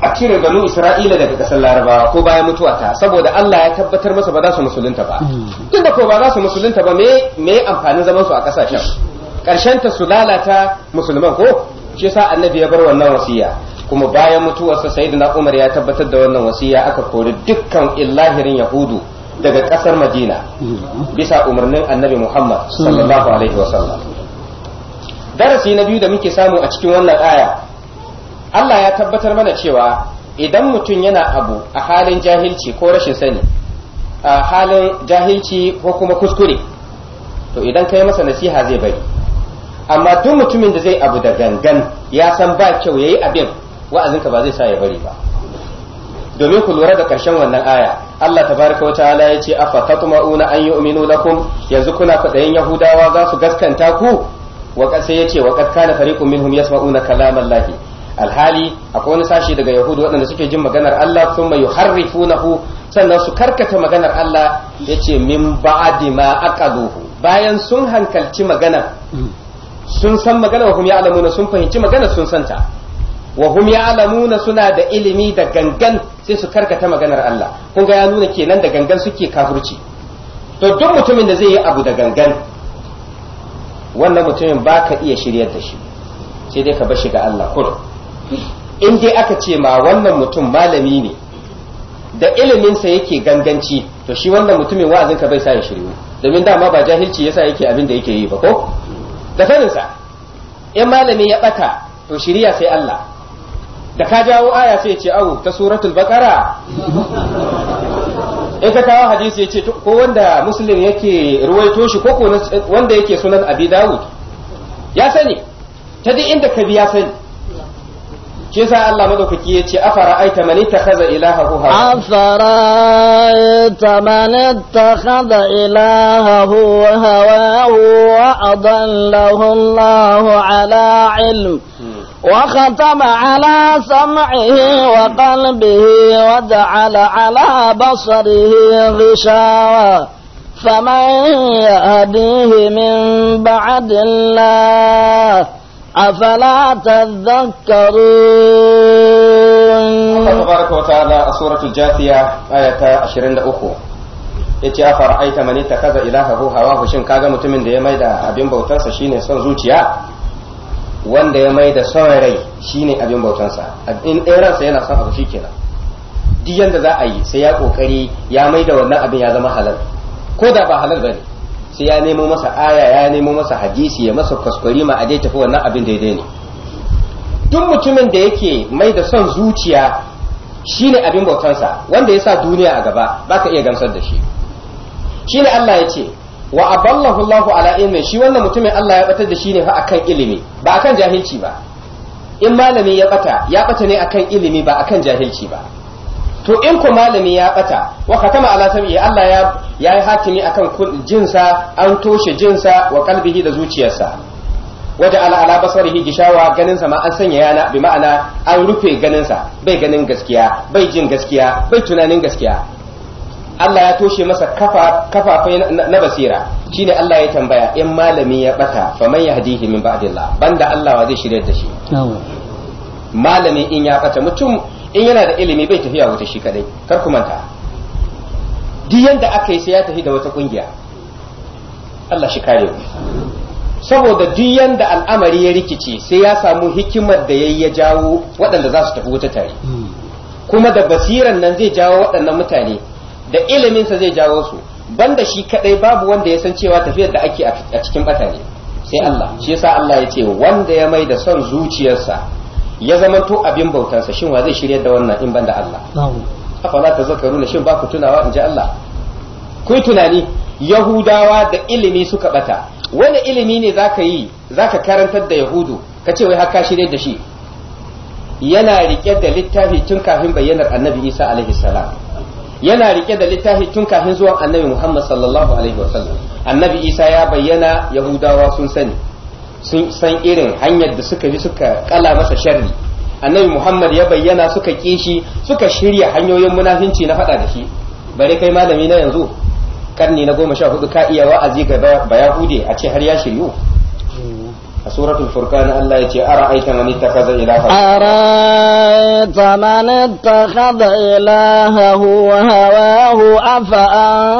a cire banu isra'ila daga kasar larabawa ko bayan mutuwa ta saboda Allah ya tabbatar masa ba za su musulunta ba tunda ko ba za su musulunta ba me me amfanin zaman su a kasashen karshen ta su lalata musulman ko shi yasa annabi ya bar wannan wasiya kuma bayan mutuwarsa na Umar ya tabbatar da wannan wasiya aka kori dukkan illahirin yahudu daga kasar Madina bisa umarnin Annabi Muhammad sallallahu alaihi wasallam darasi na biyu da muke samu a cikin wannan aya Allah ya tabbatar mana cewa idan mutum yana abu a halin jahilci ko rashin sani a halin jahilci ko kuma kuskure to idan kai masa nasiha zai bari amma duk mutumin da zai abu da gangan ya san ba kyau yayi abin wa'azinka ba zai sa ya bari ba domin ku lura da karshen wannan aya Allah tabaraka wataala yace afa tatma'una an yu'minu lakum yanzu kuna kwadayin yahudawa za su gaskanta ku wa sai yace wa qad kana fariqun minhum yasma'una kalamallahi alhali akwai wani sashi daga yahudu waɗanda suke jin maganar Allah thumma yuharrifunahu sannan su karkata maganar Allah yace min ba'di ma aqaluhu bayan sun hankalci magana sun san magana wa hum ya'lamuna sun fahimci magana sun santa wa hum ya'lamuna suna da ilimi da gangan sai su karkata maganar Allah kun ga ya nuna kenan da gangan suke kafirci to duk mutumin da zai yi abu da gangan wannan mutumin ba ka iya shiryar da shi sai dai ka bashi ga Allah kur in dai aka ce ma wannan mutum malami ne da iliminsa yake ganganci to shi wannan mutumin wa'azin ka bai sa ya shiryu domin dama ba jahilci yasa yake abin da yake yi ba ko da sa in malami ya bata to shiriya sai Allah da ka jawo aya sai ce awo ta suratul baqara in ka kawo hadisi ya ce ko wanda muslim yake ruwaito shi ko ko wanda yake sunan abi dawud ya sani ta duk inda ka biya sani Ke sa Allah madaukaki ya ce afara aita man ittakhadha ilahahu hawa afara aita man ittakhadha ilahahu hawa wa adallahu Allah ala ilm hmm. وختم على سمعه وقلبه وجعل على بصره غشاوة فمن يهديه من بعد الله أفلا تذكرون الله تبارك وتعالى سورة الجاثية آية 23 yace a fara'aita mani ta kaza ilahahu hawahu shin kaga mutumin da ya maida abin bautarsa shine son zuciya wanda ya mai da son rai shine abin bautansa in ɗaya yana son abu shi shikenan duk yanda za a yi sai ya kokari ya mai da wannan abin ya zama halal ko da ba halal bane sai ya nemo masa aya ya nemo masa hadisi ya masa kwaskwari ma a dai tafi wannan abin daidai ne duk mutumin da yake mai da son zuciya shine abin bautansa wanda ya sa duniya a gaba ba ka iya gamsar da shi shine Allah ya ce wa aballahu Allahu ala ilmi shi wannan mutumin Allah ya batar da shi ne fa akan ilimi ba akan jahilci ba in malami ya bata ya bata ne akan ilimi ba akan jahilci ba to in ko malami ya bata wa khatama ala sam'i Allah ya ya yi hakimi akan jinsa an toshe jinsa wa kalbihi da zuciyarsa waje ala ala basarihi gishawa ganin sa ma an sanya yana bi ma'ana an rufe ganin sa bai ganin gaskiya bai jin gaskiya bai tunanin gaskiya Allah ya toshe masa kafafai na basira shine Allah ya tambaya in malami ya bata faman yahdihi min ba'dillah banda Allah wa zai shirya da shi malami in ya bata mutum in yana da ilimi bai tafiya wata shi kadai kar ku manta duk yanda aka yi sai ya tafi da wata kungiya Allah shi kare ku saboda duk yanda al'amari ya rikice sai ya samu hikimar da yayi ya jawo waɗanda za su tafi wata tare hmm. kuma da basiran nan zai jawo waɗannan mutane da iliminsa zai jawo su banda shi kadai babu wanda ya san cewa tafiyar da ake a cikin bata ne sai Allah shi yasa Allah ya ce wanda ya mai da son zuciyarsa ya zamanto abin bautansa shin wa zai shirya da wannan in banda Allah afala ta zakaru shin ba ku tunawa in ji Allah ku tunani yahudawa da ilimi suka bata wani ilimi ne zaka yi zaka karantar da yahudu ka ce wai haka shirya da shi yana rike da littafi tun kafin bayyanar annabi isa alaihi salam yana rike da littafi tun kafin zuwan annabi Muhammad sallallahu alaihi wa sallam annabi Isa ya bayyana Yahudawa sun sani sun san irin hanyar da suka bi suka kala masa sharri annabi Muhammad ya bayyana suka kishi suka shirya hanyoyin munafinci na faɗa da shi bare kai malami na yanzu karni na goma sha hudu ka iya wa'azi ga bayahude a ce har ya shiryu a suratul furqan Allah ara ara'aita man ittakhadha ilaha ara'aita man ittakhadha ilaha huwa hawahu afa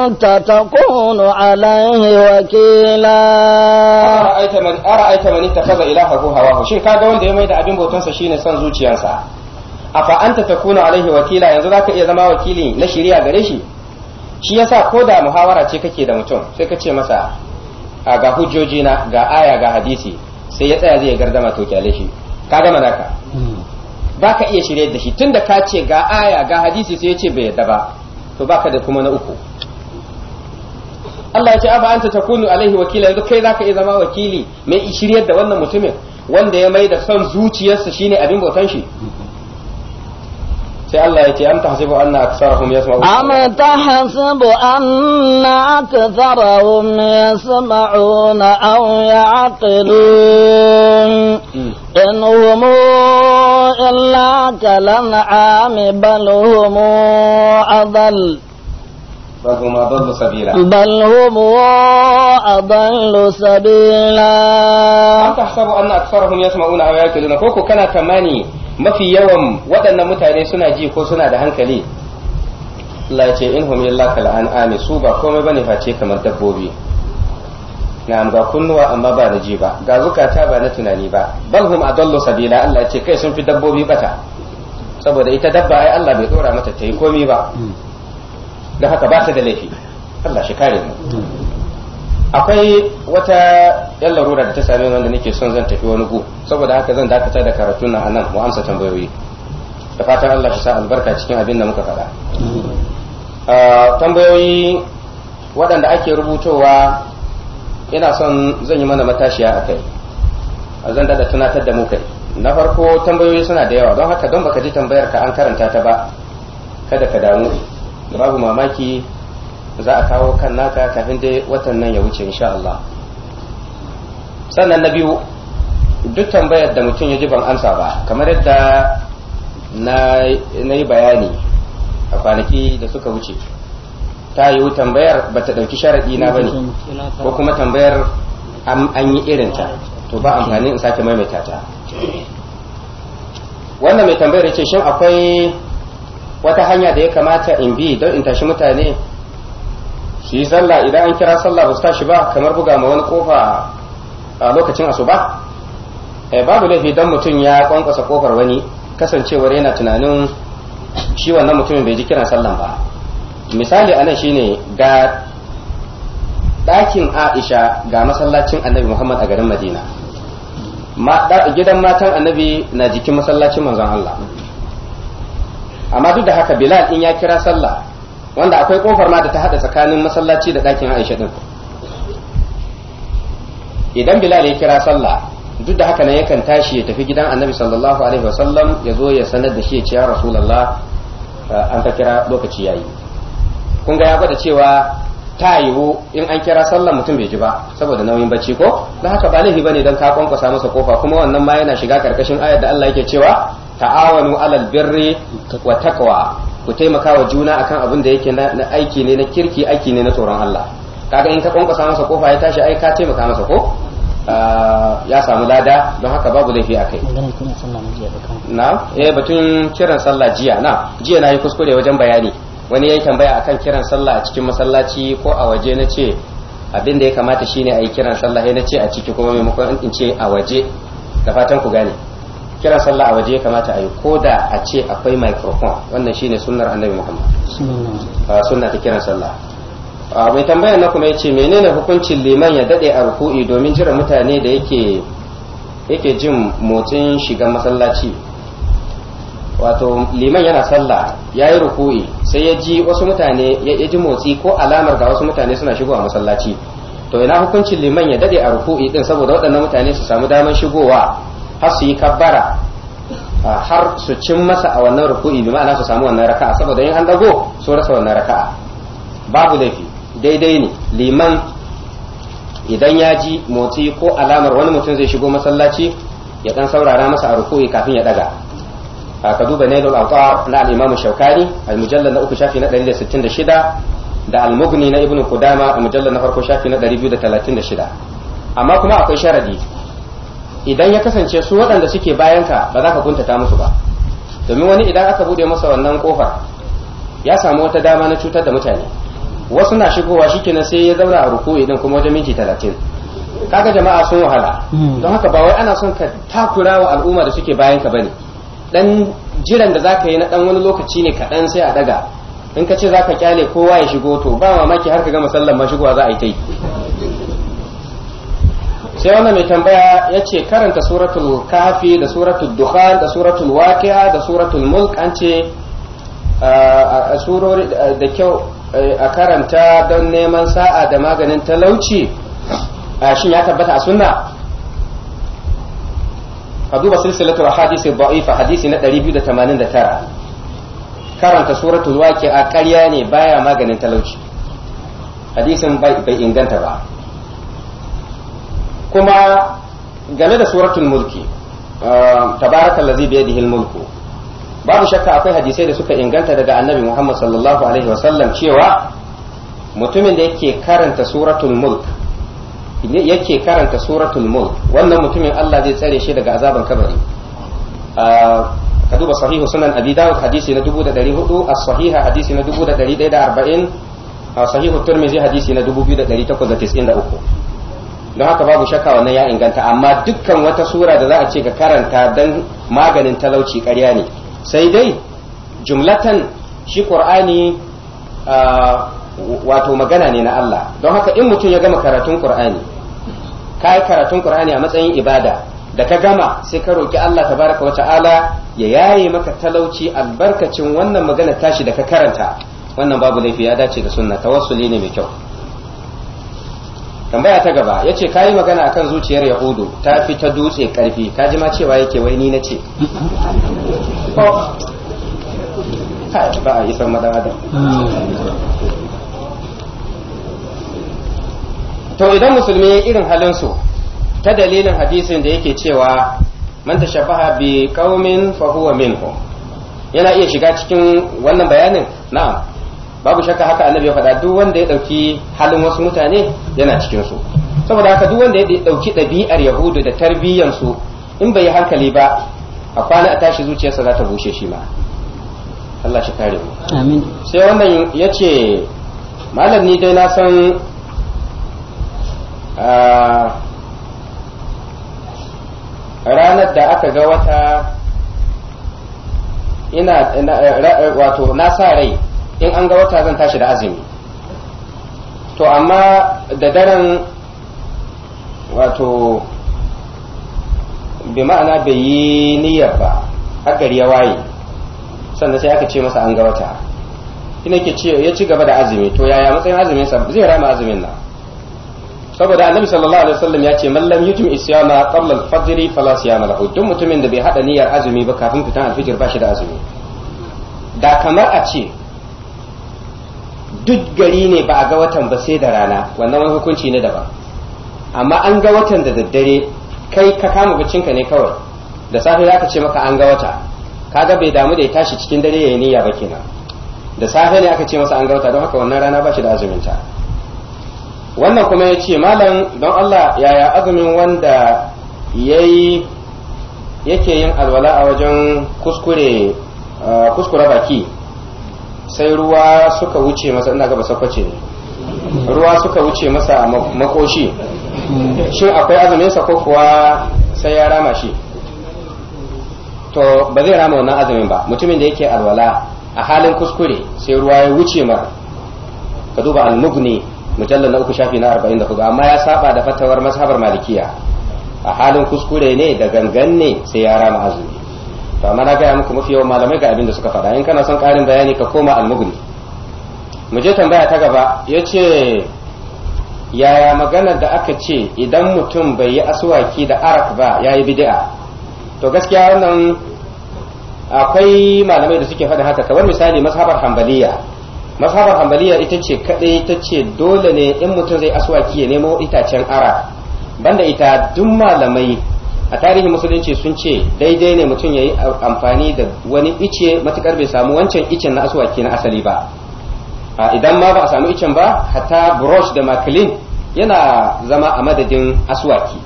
anta takunu alayhi wakila ara'aita man ara'aita man ittakhadha ilaha huwa hawahu shi kaga wanda ya da abin bautan sa shine son zuciyarsa afa anta takunu alayhi wakila yanzu zaka iya zama wakili na shari'a gare shi shi yasa da muhawara ce kake da mutum sai ka ce masa ga hujjoji na ga aya ga hadisi sai ya tsaya zai ya gardama to kyale shi ka gama naka hmm. ka iya shirye da shi tunda ka ce ga aya ga hadisi sai ya ce bai yadda ba to baka da kuma na uku Allah ya ce aba anta takunu alaihi wakila yanzu kai zaka iya zama wakili mai shiryar da wannan mutumin wanda ya mai da son zuciyarsa shine abin bautan shi hmm. أم تحسب أن أكثرهم يسمعون أو يعقلون إن هم إلا كالأنعام بل هم أضل بل هم أضل سبيلا بل هم أضل سبيلا أم تحسب أن أكثرهم يسمعون أو يعقلون فوق كان ثماني mafi yawan waɗannan mutane suna ji ko suna da hankali Allah ce in hum illa kal an'ami su ba komai bane face kamar dabbobi na'am ga kunnuwa amma ba na ji ba ga zukata ba na tunani ba bal hum adallu sabila Allah ce kai sun fi dabbobi bata saboda ita dabba ai Allah bai dora mata ta komai ba hmm. don haka ba ta da laifi Allah shi kare mu hmm. akwai wata yan larura da ta same wanda nake son zan tafi wani gu saboda haka zan dakata da karatu na anan mu amsa tambayoyi da fatan Allah ya sa albarka cikin abin da muka faɗa tambayoyi waɗanda ake rubutowa ina son zan yi mana matashiya a kai zan dada tunatar da mu kai na farko tambayoyi suna da yawa don haka don baka ji tambayar ka an karanta ta ba kada ka damu babu mamaki za a kawo kan naka kafin dai watan nan ya wuce insha Allah sannan na biyu duk tambayar da mutum ya ji ban amsa ba kamar yadda na yi bayani a kwanaki da suka wuce ta yiwu tambayar ba ta ɗauki sharaɗi na ba ne ko kuma tambayar an yi irinta to ba amfani in sake maimaita ta wannan mai tambayar ce shin akwai wata hanya da ya kamata in bi don in tashi mutane su yi sallah idan an kira sallah ba su tashi ba kamar buga ma wani kofa a lokacin asuba eh, babu laifi dan mutum ya kwankwasa kofar wani kasancewar yana tunanin shi wannan mutumin bai ji kiran sallan ba misali anan shine ga ɗakin aisha ga masallacin annabi muhammad a garin madina gidan matan annabi na jikin masallacin manzon allah amma duk da haka bilal in ya kira sallah wanda akwai kofar ma da ta hada tsakanin masallaci da ɗakin Aisha din idan Bilal ya kira sallah duk da haka nan yakan tashi ya tafi gidan Annabi sallallahu alaihi wasallam ya zo ya sanar da shi ya ce ya Rasulullah eh, an ka kira lokaci yayi kun ga ya gwada cewa ta yiwu in an kira sallah mutum bai ji ba saboda nauyin bacci ko dan haka ba laifi bane dan ka kwankwasa masa kofa kuma wannan ma yana shiga karkashin ayar da Allah yake cewa ta'awanu alal birri wa taqwa ku taimaka wa juna akan abin da yake na aiki ne na kirki aiki ne na tsoron Allah kaga in ka kwankwasa masa kofa ya tashi ai ka taimaka masa ko ah, ya samu lada don haka babu laifi a kai na eh batun kiran sallah jiya na jiya na yi kuskure wajen bayani wani ya tambaya akan kiran sallah a cikin masallaci ko a waje na ce abin da ya kamata shine a yi kiran sallah na ce a ciki kuma maimakon in ce a waje da fatan ku gane kira sallah a waje ya kamata a yi ko da a ce akwai microphone wannan shine sunnar annabi muhammad sunna ta kiran sallah mai tambaya na kuma yace menene hukuncin liman ya dade a ruku'i domin jira mutane da yake yake jin motsin shiga masallaci wato liman yana sallah ya yi ruku'i sai ya ji wasu mutane ya ji motsi ko alamar ga wasu mutane suna shigowa masallaci to ina hukuncin liman ya dade a ruku'i din saboda waɗannan mutane su samu damar shigowa har su yi kabbara har su cin masa a wannan ruku'i bi ma'ana su samu wannan raka'a saboda in an dago su rasa wannan raka'a babu laifi daidai ne liman idan ya ji motsi ko alamar wani mutum zai shigo masallaci ya dan saurara masa a ruku'i kafin ya daga ka duba nailul awtar na al-imam shaukani al-mujallal na uku shafi na 166 da al-mughni na ibnu qudama al-mujallal na farko shafi na 236 amma kuma akwai sharadi idan ya kasance su waɗanda suke bayanka ba za ka kuntata musu ba domin wani idan aka bude masa wannan kofar ya samu wata dama na cutar da mutane wasu na shigowa kenan sai ya zauna a ruku idan kuma wajen minti talatin kaga jama'a sun wahala hmm. don haka ba wai ana son ka takura wa al'umma da suke bayan ka bane dan jiran da zaka yi na dan wani lokaci ne kaɗan sai a daga in ka ce zaka kyale kowa ya shigo to ba mamaki har ka gama sallan ma shigowa za a yi ta yi sai wannan mai tambaya ya ce karanta suratul kafi da suratul dukhan da suratul waqi'a da suratul mulk an ce a surori da kyau a karanta don neman sa'a da maganin talauci a shin ya tabbata a sunna a duba silsilatul hadisi da'ifa hadisi na 289 karanta suratul waqi'a ƙarya ne baya maganin talauci hadisin bai inganta ba kuma game da suratul mulki uh, tabarakallazi bi yadihi mulku babu shakka akwai hadisai da suka inganta daga annabi Muhammad sallallahu alaihi wasallam cewa mutumin da yake karanta suratul mulk yake karanta suratul mulk wannan mutumin Allah zai tsare shi daga azaban kabari uh, ka duba sahihu sunan abi dawud hadisi na 1400 as-sahiha hadisi na 1140 uh, sahihu turmizi hadisi na 2893 don haka babu shakka wannan ya inganta amma dukkan wata sura da za a ce ka karanta don maganin talauci karya ne sai dai jumlatan shi qur'ani wato magana ne na Allah don haka in mutum ya gama karatun qur'ani ka yi karatun ƙur'ani a matsayin ibada da ka gama sai ka roki Allah tabaraka wa ta'ala ya yaye maka talauci albarkacin wannan magana tashi da ka karanta wannan babu laifi ya dace da sunna tawassuli ne mai kyau tambaya ta gaba ya ce kayi magana akan zuciyar yahudu ta fi ta dutse karfi ka ji ma cewa yake wai ni na ce ba a isan to idan musulmi irin halin su ta dalilin hadisin da yake cewa man tashabbaha bi qaumin fa huwa yana iya shiga cikin wannan bayanin na'am babu shakka haka annabi ya faɗa duk wanda ya ɗauki halin wasu mutane yana cikin su saboda haka duk wanda ya ɗauki ɗabi'ar yahudu da tarbiyyan su in bai yi hankali ba a kwana a tashi zuciyarsa za ta bushe shi ma Allah shi kare mu amin sai wannan ya ce malam ni dai na san ranar da aka ga wata ina wato na sa rai in an ga wata zan tashi da azumi to amma da daren wato bi ma'ana bai yi niyyar ba har ya waye sannan sai aka ce masa an ga wata ina ke ce ya ci gaba da azumi to yaya matsayin azumin sa zai rama azumin nan saboda annabi sallallahu alaihi wasallam ya ce man lam yutim isyama qabla al-fajr fala siyama lahu duk mutumin da bai hada niyyar azumi ba kafin fitan al-fajr ba shi da azumi da kamar a ce duk gari ne ba a ga watan ba sai da rana wannan wani hukunci ne daban amma an ga watan da daddare kai ka kama ka ne kawai da safe za ka ce maka an ga wata kaga bai damu da ya tashi cikin dare ya yi niyya ba kenan da safe ne aka ce masa an ga wata don haka wannan rana ba shi da azuminta wannan kuma ya ce malam don Allah yaya azumin wanda yayi yake yin alwala a wajen kuskure eh, kuskure baki sai ruwa suka wuce masa ina gaba sakwace ne ruwa suka wuce masa a makoshi shin akwai azumin sa ko kuwa sai ya rama shi to ba zai rama wannan azumin ba mutumin da yake alwala a halin kuskure sai ruwa ya wuce ma ka duba al-mughni mujallal na uku shafi na 44 amma ya saba da fatawar mazhabar malikiya a halin kuskure ne da gangan ne sai ya rama azumi ba ma na gaya muku mafi yawan malamai ga abin da suka faɗa in kana son ƙarin bayani ka koma almugni mu je tambaya ta gaba ya ce yaya maganar da aka ce idan mutum bai yi aswaki da arak ba ya yi bid'a to gaskiya wannan akwai malamai da suke faɗin haka kamar misali mazhabar hambaliya mazhabar hambaliya ita ce kaɗai ita ce dole ne in mutum zai aswaki ya nemo itacen arak banda ita duk malamai a tarihin musulunci sun ce daidai ne mutum ya yi amfani da wani ice matukar bai samu wancan icen na asuwaki na asali ba idan ma ba a samu icen ba hata brush da maklin yana zama a madadin asuwaki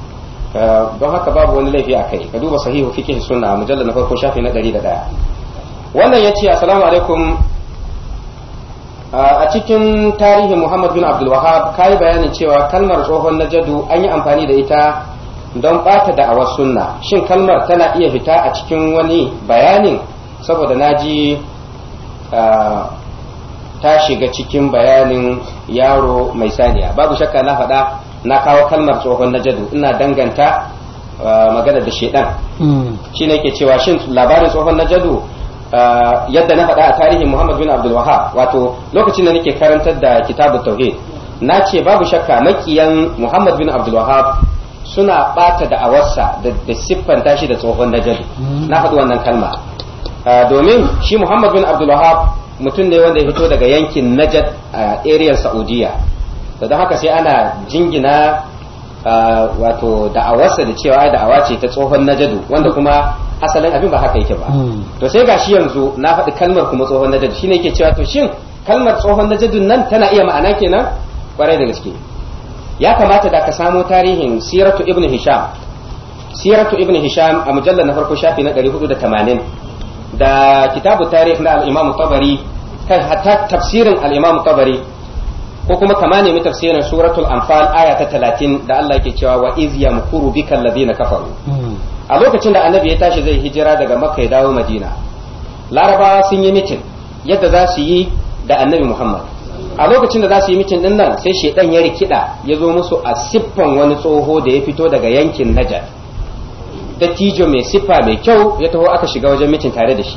don haka babu wani laifi a kai ka duba sahihu fiqh suna mujallar na farko shafi na 101 wannan ya assalamu alaikum a cikin tarihin Muhammad bin Abdul ka yi bayanin cewa kalmar tsohon najadu an yi amfani da ita don bata awar sunna shin kalmar tana iya fita a cikin wani bayanin saboda na ji ta shiga cikin bayanin yaro mai saniya babu shakka na faɗa na kawo kalmar tsohon najadu ina danganta magana da shedan hmm. shi ne ke cewa shin labarin tsohon najadu yadda na faɗa a tarihin muhammad bin abdul wahab wato lokacin da nake karantar da kitabu tauhid na ce babu shakka makiyan muhammad bin abdul wahab suna bata da awarsa da siffanta shi da tsohon najali na faɗi wannan kalma domin shi Muhammad bin Abdul Wahab mutum ne wanda ya fito daga yankin Najad a eriyar Saudiya da haka sai ana jingina wato da'awarsa da cewa da'awa ce ta tsohon najadu wanda kuma asalin abin ba haka yake ba hmm. to sai gashi yanzu na faɗi kalmar kuma tsohon najadu shine yake cewa to shin kalmar tsohon najadun nan tana iya ma'ana kenan kwarai da gaske ya kamata da ka samo tarihin siratu ibn hisham siratu ibn hisham a mujallar na farko shafi na 480 da kitabu tarihi na al-imam tabari kan hatta tafsirin al-imam tabari ko kuma kama nemi tafsirin suratul anfal aya ta 30 da Allah yake cewa wa iz yamkuru bika alladhina kafaru hmm. a lokacin da annabi ya tashi zai hijira daga makka ya dawo madina larabawa sun yi mitin yadda za su yi da annabi muhammad a lokacin da za su yi mitin din nan sai shedan ya rikida ya zo musu a siffan wani tsoho da ya fito daga yankin Najar dattijo mai siffa mai kyau ya taho aka shiga wajen mitin tare da shi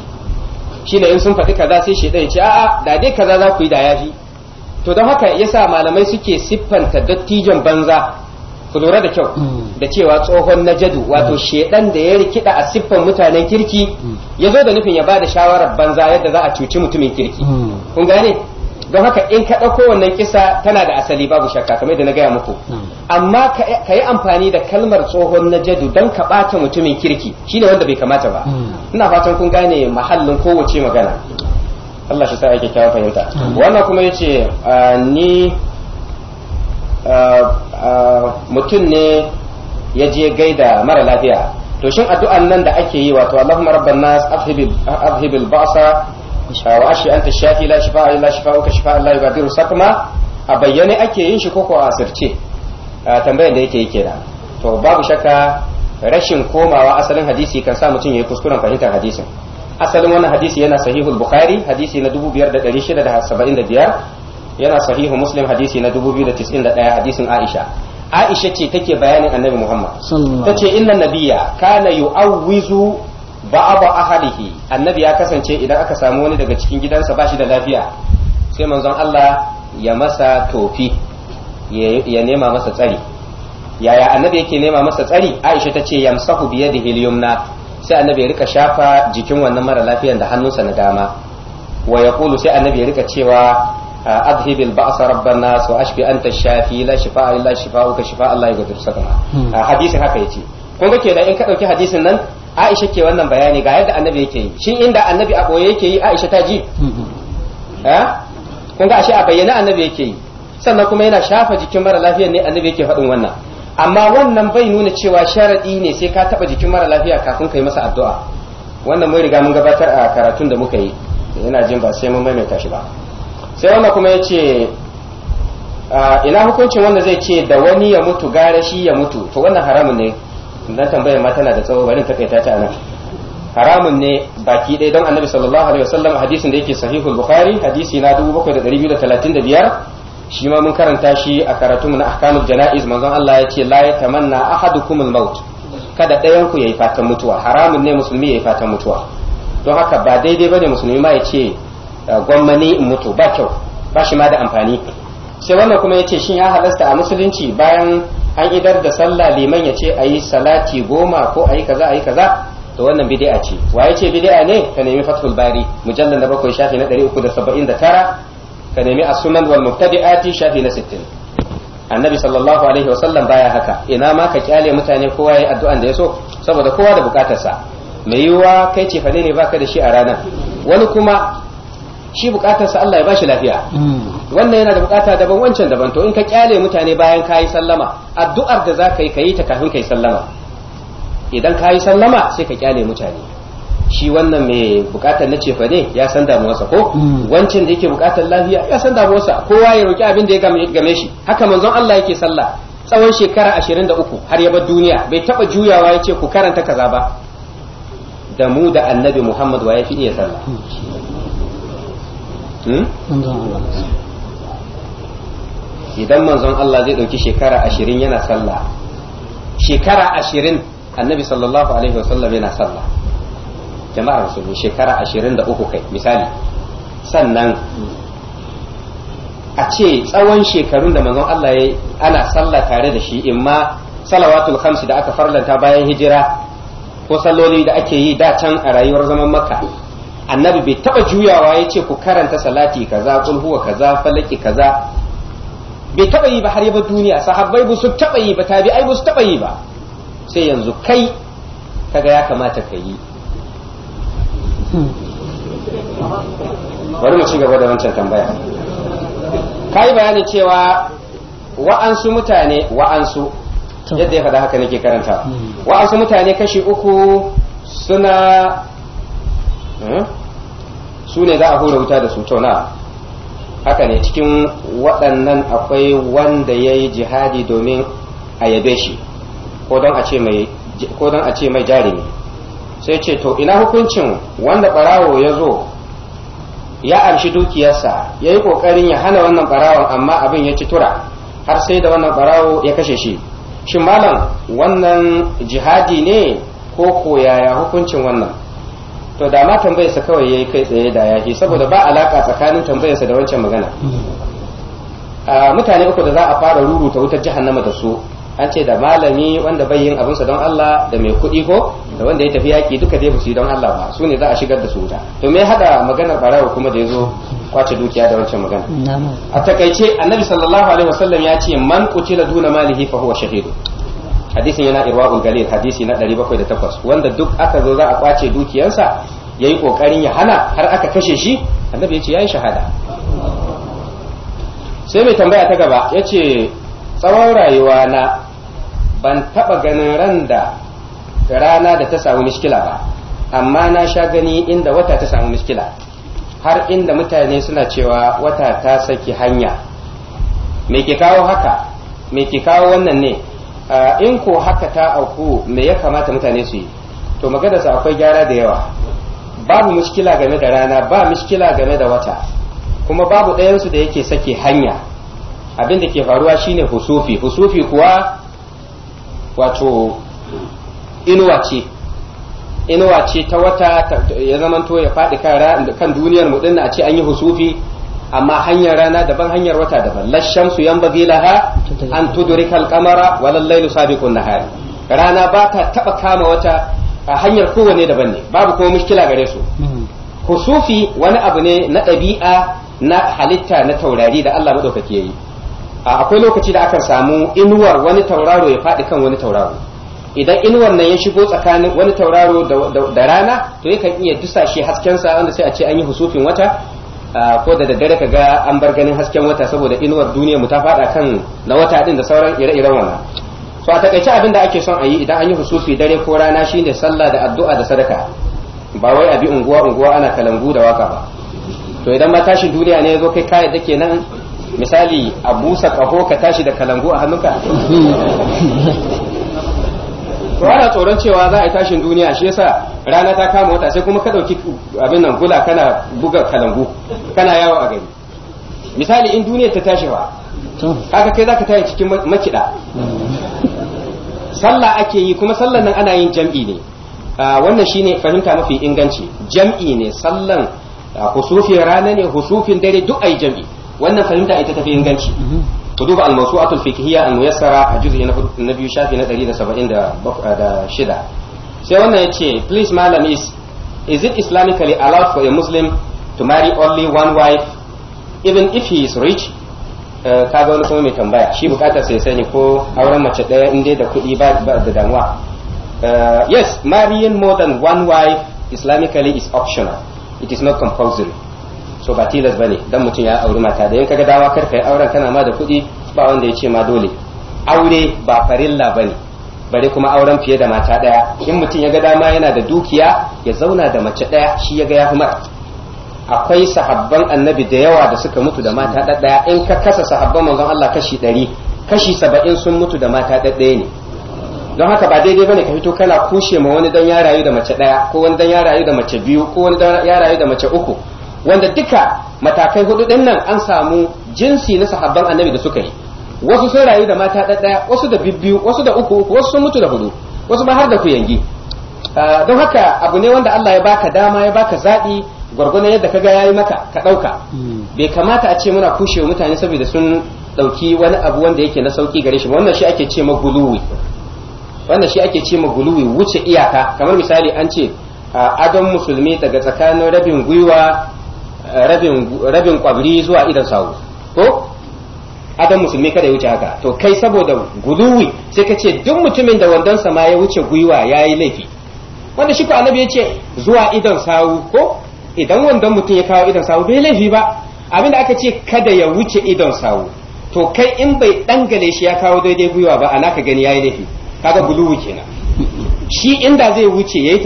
Shi ne in sun faɗi kaza sai shedan ya ce a'a da dai kaza za ku yi da yafi to don haka yasa malamai suke siffanta dattijon banza ku lura da kyau da cewa tsohon najadu wato shedan da ya rikida a siffan mutanen kirki ya zo da nufin ya ba da shawarar banza yadda za a cuci mutumin kirki hmm. kun gane don haka in ka ɗauko wannan kisa tana da asali babu shakka kamar da na gaya muku amma ka yi amfani da kalmar tsohon na jadu don ka ɓata mutumin kirki shine wanda bai kamata ba hmm. ina fatan kun gane mahallin kowace magana Allah shi sa ake kyawun fahimta wannan kuma yace ah, ni ah, ah, mutum ne ya je gaida mara lafiya to shin addu'an nan da ake yi wato Allahumma rabban nas afhibil ba'sa wa'ashi anta shafi la shifa illa shifa'uka shifa Allah yubadiru sakma a bayyane ake yin shi ko ko a asirce tambayar da yake yi kenan to babu shakka rashin komawa asalin hadisi kan sa mutum ya yayi kuskuren fahimtar hadisin asalin wannan hadisi yana sahihu bukhari hadisi na 2675 yana sahihu muslim hadisi na 2091 hadisin aisha aisha ce take bayanin annabi muhammad tace inna nabiyya kana yu'awwizu ba'aba ahalihi annabi ya kasance idan aka samu wani daga cikin gidansa shi da lafiya sai manzon Allah ya masa tofi ya nema masa tsari yaya annabi yake nema masa tsari Aisha ta ce yamsahu bi da yumna sai annabi ya rika shafa jikin wannan mara lafiyan da hannunsa na dama wa Kulu sai annabi ya rika cewa adhhib al ba'sa rabbana wa ashfi anta shafi la shifa'a illa shifa'uka shifa'a la yughadiru sakama hmm. hadisin haka yace kun ga kenan in ka dauki hadisin nan Aisha ke wannan bayani ga yadda annabi yake yi shin inda annabi a boye yake yi Aisha ta ji kun ga ashe a bayyana annabi yake yi sannan kuma yana shafa jikin mara lafiya ne annabi yake faɗin wannan amma wannan bai nuna cewa sharadi ne sai ka taba jikin mara lafiya kafin kai masa addu'a wannan mun riga mun gabatar a karatun da muka yi yana jin ba sai mun maimaita shi ba sai wannan kuma yace ina hukuncin wanda zai ce da wani ya mutu gara shi ya mutu to wannan haramun ne na tambayar ma tana da tsawo bari takaita ta nan haramun ne baki ɗaya don annabi sallallahu alaihi wasallam hadisin da yake sahihul bukhari hadisi na 7235 shi ma mun karanta shi a karatun na ahkamul jana'iz manzon Allah ya ce la yatamanna ahadukum al-maut kada ɗayan ku yayi fatan mutuwa haramun ne musulmi yayi fatan mutuwa don haka ba daidai bane musulmi ma ya ce ah, gwamnati in mutu ba kyau ba shi ma da amfani sai wannan kuma ya ce shin ya halasta a musulunci bayan an idar da sallah liman ya ce a yi salati goma ko a yi kaza a yi kaza to wannan bid'a ce waye ce bid'a ne ka nemi fathul bari mujallal na bakwai shafi na 379 ka nemi as-sunan wal mubtadi'ati shafi na 60 annabi sallallahu alaihi wasallam baya haka ina ma ka kyale mutane kowa yayi addu'an da ya so saboda kowa da bukatarsa mai yiwuwa kai ce fane ne baka da shi a ranar wani kuma shi bukatarsa Allah ya bashi lafiya wannan yana da bukata daban wancan daban to in ka kyale mutane bayan kayi sallama addu'ar da za ka yi ka yi ta kafin kai sallama idan kayi sallama sai ka kyale mutane shi wannan mai bukatar na cefa ne ya san damuwarsa ko wancan da yake bukatar lafiya ya san damuwarsa kowa ya roki abin da ya game shi haka manzon Allah yake sallah tsawon shekara 23 har ya bar duniya bai taba juyawa ya ce ku karanta kaza ba da mu da annabi Muhammad wa ya fi iya sallah Hmm? idan manzon Allah zai ɗauki shekara ashirin yana sallah shekara ashirin annabi sallallahu alaihi wasallam yana sallah jama'ar musulmi shekara ashirin da uku kai misali sannan a ce tsawon shekarun da manzon Allah ya ana sallah tare da shi imma salawatul khamsi da aka farlanta bayan hijira ko salloli da ake yi da can a rayuwar zaman makka annabi bai taba juyawa ya ce ku karanta salati kaza kul huwa kaza falaki kaza bai taba yi ba har ya bar duniya sahabbai ba su taba yi ba tabi'ai ba su taba yi ba sai yanzu kai kaga ya kamata ka yi bari mu ci gaba da wancan tambaya ka yi bayanin cewa wa'ansu mutane wa'ansu yadda ya faɗa haka nake karanta hmm. wa'ansu mutane kashi uku suna hmm? su ne za a hura wuta da su tauna haka ne cikin waɗannan akwai wanda ya yi jihadi domin a yabe shi ko don a ce mai jarumi sai ce to ina hukuncin wanda ɓarawo ya zo ya amshi dukiyarsa ya yi ƙoƙarin ya hana wannan barawon amma abin ya ci tura har sai da wannan ɓarawo ya kashe shi shin malam wannan jihadi ne ko koyaya hukuncin wannan to da ma tambayarsa kawai ya yi kai tsaye da yafi saboda ba alaka tsakanin tambayarsa da wancan magana mutane uku da za a fara ruruta wutar jahannama da su an ce da malami wanda bai yin abinsa don Allah da mai kuɗi ko da wanda ya tafi yaƙi duka dai su yi don Allah ba su ne za a shigar da su wuta to me hada maganar barawa kuma da ya zo kwace dukiya da wancan magana a takaice annabi sallallahu alaihi wasallam ya ce man qutila duna malihi fa huwa shahid hadisin yana irwa'ul galil hadisi na 708 wanda duk aka zo za a kwace dukiyansa yayi kokarin ya hana har aka kashe shi annabi ya ce yayi shahada sai mai tambaya ta gaba yace tsawon rayuwa na ban taba ganin ran da rana da ta samu miskila ba amma na sha gani inda wata ta samu miskila har inda mutane suna cewa wata ta saki hanya me ke kawo haka me ke kawo wannan ne Eh, in ko haka ta auku me ya kamata mutane su yi to maganarsa akwai gyara da yawa babu mushkila game da rana ba mushkila game da wata kuma babu ɗayansu da yake sake hanya abin da ke faruwa shine husufi husufi kuwa wato inuwa ce inuwa ce ta wata ya zamanto ya faɗi kan duniyar mu a ce an yi husufi amma hanyar rana daban hanyar wata daban lashamsu yanbaghi laha an tuduri kan kamara wal laylu sabiqun nahari rana ba ta taba kama wata a hanyar kowane daban ne babu kuma mushkila gare su kusufi wani abu ne na ɗabi'a na halitta na taurari da Allah madaukake yayi akwai lokaci da aka samu inuwar wani tauraro ya faɗi kan wani tauraro idan inuwar nan ya shigo tsakanin wani tauraro da rana to yakan iya dusashe hasken sa wanda sai a ce an yi husufin wata Ah, ko da daddare ka ga an bar ganin hasken wata saboda inuwar duniya mu ta faɗa kan na wata din da sauran ire-iren wannan so a takaice abin da ake son a yi idan an yi hususi dare ko rana shine sallah da addu'a da sadaka ba wai abi unguwa unguwa ana kalangu da waka ba to idan ma tashin duniya ne zo kai kai dake nan misali a busa kaho ka tashi da kalangu a hannunka to ana tsoron cewa za a yi tashin duniya shi yasa rana ta kama wata sai kuma ka dauki abin nan gula kana buga kalangu kana yawo a gari misali in duniya ta tashi wa haka kai zaka tashi cikin makida sallah ake yi kuma sallan nan ana yin jam'i ne wannan shine fahimta mafi inganci jam'i ne sallan husufin rana ne husufin dare duk ayi jam'i wannan fahimta ita tafi inganci ka duba al-mawsu'atul fiqhiyya al-muyassara a juz'i na biyu shafi na eh, shida sai wannan yace please malam is is it islamically allowed for a muslim to marry only one wife even if he is rich eh, kaga wani kuma mai tambaya shi bukatar sai sani ko auren mace daya in dai da kuɗi ba da damuwa eh, yes marrying more than one wife islamically is optional it is not compulsory so ba tilas bane dan mutum ya auri mata da in kaga dawa karka yi auren kana ma da kuɗi ba wanda ya ce ma dole aure ba farilla bane bare kuma auren fiye da mata daya in mutum ya ga dama yana da dukiya ya zauna da mace daya shi ya ga ya mara akwai sahabban annabi da yawa da suka mutu da mata daya in ka kasa sahabban manzon Allah kashi ɗari kashi saba'in sun mutu da mata ɗaya ne don haka ba daidai bane ka fito kana kushe ma wani dan ya da mace daya ko wani dan ya rayu da mace biyu ko wani dan ya da mace uku wanda duka matakai hudu din nan an samu jinsi na sahabban annabi da suka yi wasu sun rayu da mata ɗaya wasu da bibbiyu wasu da uku wasu sun mutu da hudu wasu ma har da kuyangi ah, don haka abu ne wanda Allah ya baka dama ya baka zaɓi gwargwadon yadda ka ga yayi maka ka ɗauka hmm. bai kamata a ce muna kushewa mutane saboda sun ɗauki wani abu wanda yake na sauki gare shi wannan shi ake ce ma guluwi wannan shi ake ce ma guluwi wuce iyaka kamar misali an ce ah, adon musulmi daga tsakanin rabin gwiwa rabin kwabri zuwa idan sawu ko adam musulmi kada ya wuce haka to kai saboda guluwi sai ka ce duk mutumin da wandonsa ma ya wuce gwiwa yayi laifi wanda shi ko annabi ya ce zuwa idan sawu ko idan wandon mutum ya kawo idan sawu bai laifi ba abinda aka ce kada ya wuce idan sawu to kai in bai dangale shi ya kawo daidai gwiwa ba ana ka gani ya yi laifi kaga guluwi kenan shi inda zai wuce yayi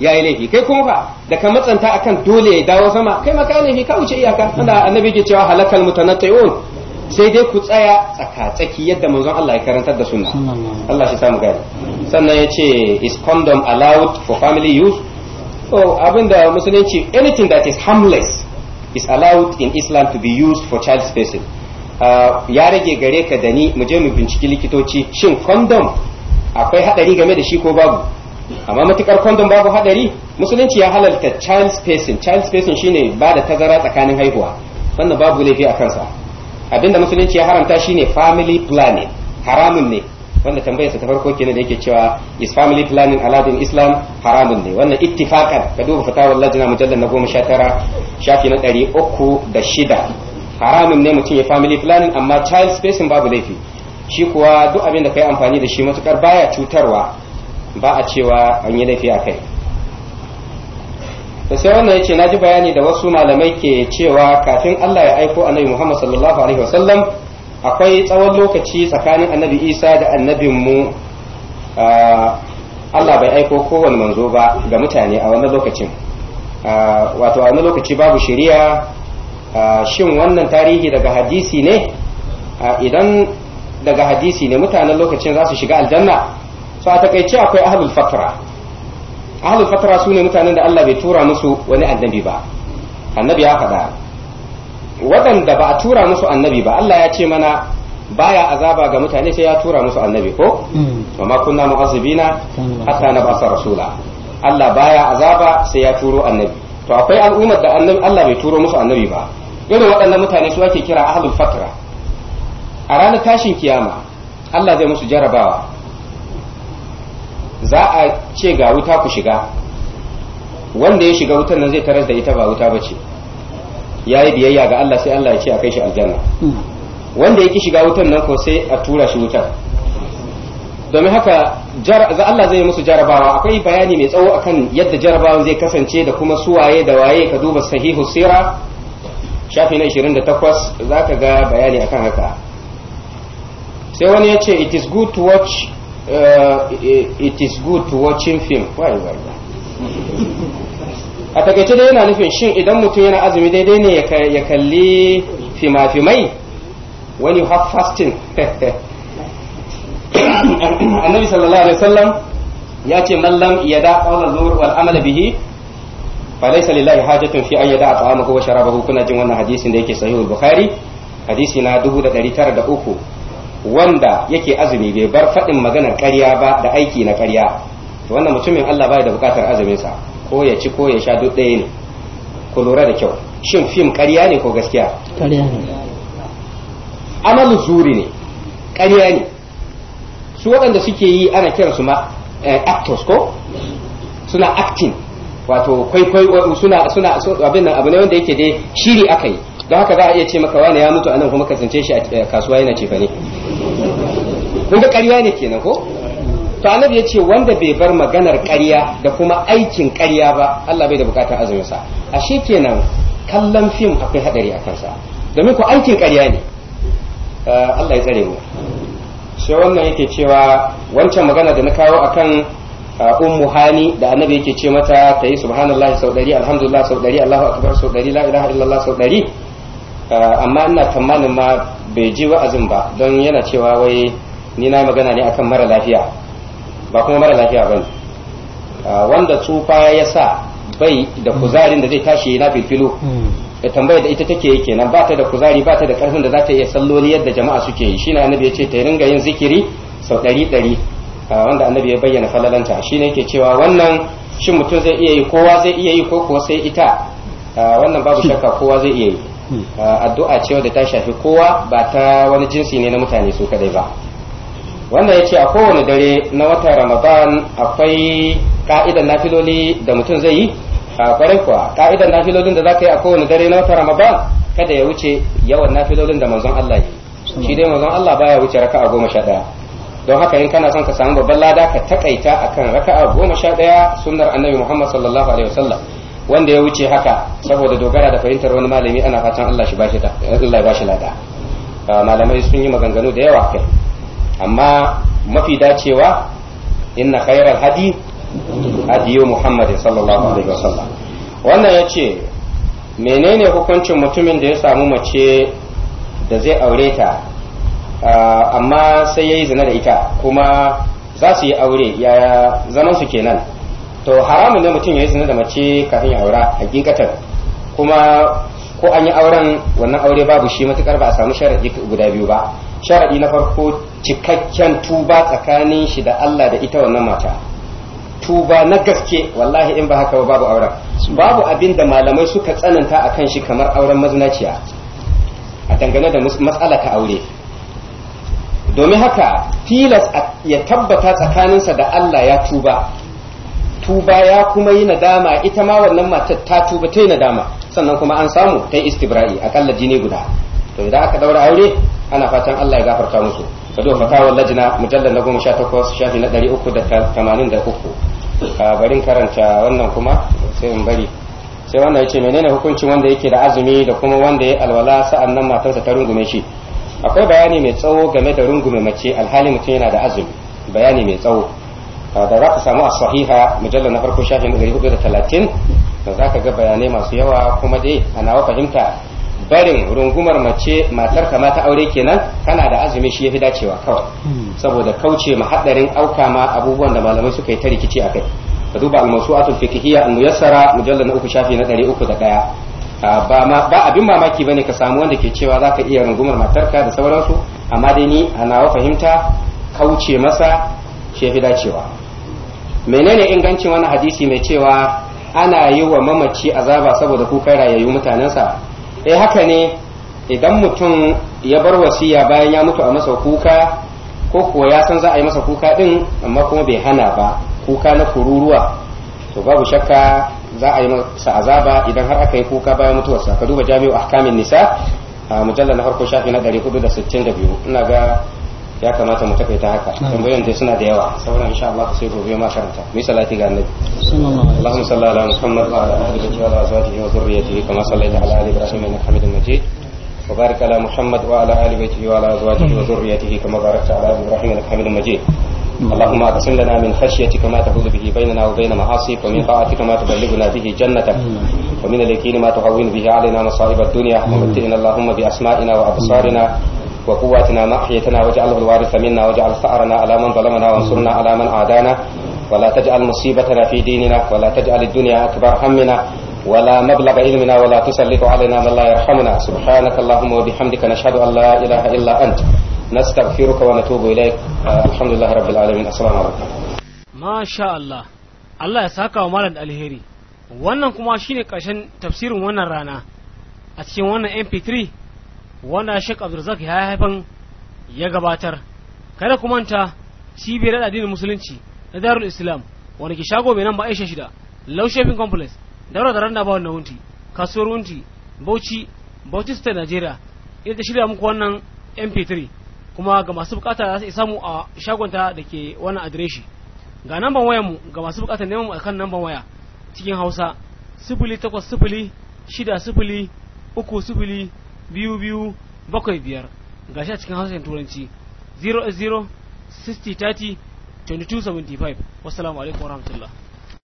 ya yi laifi kai kuma ba da ka matsanta akan dole ya dawo sama kai ma kai laifi ka wuce iyaka tunda annabi ke cewa halakal mutanatti'un sai dai ku tsaya tsakatsaki yadda manzon Allah ya karantar da sunna Allah shi samu gani sannan ya ce is condom allowed for family use so abinda musulunci anything that is harmless is allowed in Islam to be used for child spacing uh, ya rage gare ka da ni mu je mu binciki likitoci shin condom akwai haɗari game da shi ko babu amma matukar kwandon babu haɗari musulunci ya halarta child spacing child spacing shine ba da tazara tsakanin haihuwa wannan babu laifi a kansa abinda musulunci ya haramta shine family planning haramun ne wanda tambayarsa ta farko kenan da yake cewa is family planning aladin islam haramun ne wannan ittifakan ka duba fatawar lajina mujallar na goma sha tara shafi na ɗari uku da shida haramun ne mutum ya family planning amma child spacing babu laifi shi kuwa duk abin da ka yi amfani da shi matukar baya cutarwa ba a cewa an yi laifi a kai da sai wannan yace na ji bayani da wasu malamai ke cewa kafin Allah ya aiko annabi Muhammad sallallahu alaihi wasallam akwai tsawon lokaci tsakanin annabi Isa da annabin mu Allah bai aiko kowane manzo ba ga mutane a wannan lokacin wato a wannan lokaci babu shari'a shin wannan tarihi daga hadisi ne idan daga hadisi ne mutanen lokacin za su shiga aljanna so a takaice akwai ahlul fatra ahlul fatra su ne mutanen da Allah bai tura musu wani annabi ba annabi ya faɗa waɗanda ba a tura musu annabi ba Allah ya ce mana baya azaba ga mutane sai ya tura musu annabi ko hmm. wa ma kunna mu'azzibina hatta nab'asa rasula Allah baya azaba sai ya turo annabi to akwai al'ummar da Allah bai turo musu annabi ba irin waɗannan mutane su ake kira ahlul fatra a ranar tashin kiyama Allah zai musu jarabawa za a ce ga wuta ku shiga wanda ya shiga wutan nan zai taras da ita ba wuta ba ce ya yi biyayya ga Allah sai Allah ya ce a kai shi aljanna wanda ya ki shiga wutan nan ko sai a tura shi wutan domin haka za Allah zai musu jarabawa akwai bayani mai tsawo akan yadda jarabawan zai kasance da kuma suwaye da waye ka duba sahihu sira shafi na 28 ka ga bayani akan haka sai wani ya ce it is good to watch uh, it is good to watching film why why a takaice dai yana nufin shin idan mutum yana azumi daidai ne ya kalli fima-fimai when you have fasting annabi sallallahu alaihi wasallam ya ce mallam yada qawla zuhur wal amal bihi falaysa lillahi hajatun fi an yada ta'amahu wa sharabahu kuna jin wannan hadisin da yake sahihul bukhari hadisi na 1903 wanda yake azumi bai bar faɗin maganar ƙarya ba da aiki na ƙarya to wannan mutumin Allah bai da buƙatar azuminsa ko ya ci ko ya sha duk ɗaya ne ku lura da kyau shin fim ƙarya ne ko gaskiya ƙarya ne amal zuri ne ƙarya ne su waɗanda suke yi ana kiransu ma eh, actors ko suna acting wato kwaikwai suna suna abin nan abu ne wanda yake dai shiri akai don haka za a iya ce maka wani ya mutu anan kuma ka tsince shi a eh, kasuwa yana cefa ne kun ga ƙarya ne kenan ko to annabi ya ce wanda bai bar maganar ƙarya da kuma aikin ƙarya ba Allah bai da bukatar azumin sa ashe kenan kallon fim akwai hadari a kansa domin ko aikin ƙarya ne eh, Allah ya tsare mu sai wannan yake cewa wancan magana da na kawo akan ummu hani da annabi yake ce mata ta yi subhanallahi sau ɗari alhamdulillah sau ɗari allahu akbar sau ɗari la ilaha illallah sau ɗari. amma ina tamanin ma bai ji wa'azin ba don yana cewa wai ni na magana ne akan mara lafiya ba kuma mara lafiya ba wanda tsufa ya sa bai da kuzarin da zai tashi na filfilo tambayar da ita take kenan ba ta da kuzari ba ta da karfin da za ta iya salloli yadda jama'a suke yi shi na annabi ya ce ta ringa yin zikiri sau ɗari ɗari wanda annabi ya bayyana falalanta shi ne yake cewa wannan shin mutum zai iya yi kowa zai iya yi ko kuwa sai ita wannan babu shakka kowa zai iya yi hmm. addu'a ce wadda ta shafi kowa ba ta wani jinsi ne na mutane su kadai ba wanda ya ce a kowane dare na watan ramadan akwai ka'idan nafiloli da mutum zai yi a kwarai kuwa ka'idan nafilolin da za ka yi a kowane dare na watan ramadan kada ya wuce yawan nafilolin da manzon Allah yi shi dai manzon Allah baya wuce raka'a goma sha ɗaya don haka in kana son ka samu babban lada ka takaita akan raka'a goma sha ɗaya sunnar annabi muhammad sallallahu alaihi wasallam wanda ya wuce haka saboda dogara da fahimtar wani malami ana fatan Allah shi bashi bashi lada malamai sun yi maganganu da yawa kai amma mafi dacewa inna khairal hadi hadiyu muhammadin sallallahu alaihi wasallam wannan yace menene hukuncin mutumin da ya samu mace da zai aure ta Ah, amma sai ya yi zina da ita kuma za su yi aure ya zaman su kenan to haramun ne mutum ya yi zina da mace kafin ya aura hakikatar. kuma ko an yi auren wannan aure babu shi matukar ba a samu sharaɗi guda biyu ba sharaɗi na farko cikakken tuba tsakanin shi da Allah da ita wannan mata tuba na gaske wallahi in ba haka ba babu auren babu abin da malamai suka tsananta akan shi kamar auren mazinaciya a dangane da matsala ta aure domin haka tilas ya tabbata tsakaninsa da Allah ya tuba tuba ya kuma yi nadama ita ma wannan matar ta tuba ta yi nadama sannan kuma an samu ta yi istibra'i akalla jini guda to idan aka daura aure ana fatan Allah ya gafarta musu ka duba fatawar lajina mujallar na goma sha takwas shafi na ɗari uku da tamanin da uku barin karanta wannan kuma sai in bari sai wannan ya ce menene hukuncin wanda yake da azumi da kuma wanda ya alwala sa'an nan matarsa ta rungume shi akwai bayani mai tsawo game da rungume mace alhali mutum yana da azumi bayani mai tsawo ah, da za ka samu a sahiha mujallar na farko shafin 430 da za ka ga bayanai masu yawa kuma dai a nawa fahimta barin rungumar mace matar ka mata aure kenan kana da azumi shi ya fi dacewa kawai hmm. saboda kauce ma haɗarin auka ma abubuwan da malamai suka yi ta rikici a kai ka duba al-mawsu'atul fiqhiyya an-muyassara mujallal na uku shafi na uku da ɗaya Ah, ba abin mamaki bane ka samu wanda ke cewa zaka iya rungumar matarka da sauransu amma dai ni a nawa fahimta kauce masa shefi dacewa menene ingancin wani hadisi mai cewa ana yi wa mamaci azaba saboda kukan rayayyu mutanensa eh haka ne idan mutum ya bar wasiya bayan ya mutu a masa kuka ko kuwa ya san za a yi masa kuka din amma kuma bai hana ba kuka na kururuwa to babu shakka za a yi masa azaba idan har aka yi kuka bayan mutuwarsa ka duba jami'u ahkamin nisa a mujallar na farko shafi na 462 ina ga ya kamata mu takaita haka tambayoyin da suna da yawa sauran insha Allah sai gobe ma karanta mu salati ga annabi Allahumma salli ala Muhammad wa ala alihi wa azwajihi wa dhurriyyatihi kama sallaita ala ali Ibrahim innaka Hamidum Majid وبارك اللهم اقسم لنا من خشيتك ما تحول به بيننا وبين معاصيك ومن طاعتك ما تبلغنا به جنتك ومن اليقين ما تهون به علينا مصائب الدنيا ومتعنا اللهم باسمائنا وابصارنا وقواتنا ما احيتنا واجعله الوارث منا واجعل ثارنا على من ظلمنا وانصرنا على من عادانا ولا تجعل مصيبتنا في ديننا ولا تجعل الدنيا اكبر همنا ولا مبلغ علمنا ولا تسلط علينا من لا يرحمنا سبحانك اللهم وبحمدك نشهد ان لا اله الا انت nastaghfiruka wa natubu ilaik alhamdulillah rabbil alamin assalamu alaikum masha Allah Allah ya saka wa malam alheri wannan kuma shine karshen tafsirin wannan rana a cikin wannan mp3 wanda Sheikh Abdulrazak ya haifan ya gabatar kada ku manta cibiyar addinin musulunci na Darul Islam wanda ke shago mai nan Aisha shida Low Shopping Complex daura da randa ba wannan wunti kasuwar wunti Bauchi Bauchi najeriya Nigeria ita shirya muku wannan mp3 kuma ga masu bukata za su mu a shagonta da ke wani adireshi ga namban wayanmu ga masu bukata neman mu kan namban waya cikin Hausa sifili shida sifili uku sifili biyu biyu bakwai biyar ga shi a cikin hausa turanci 0 2275 60 alaikum warahmatullahi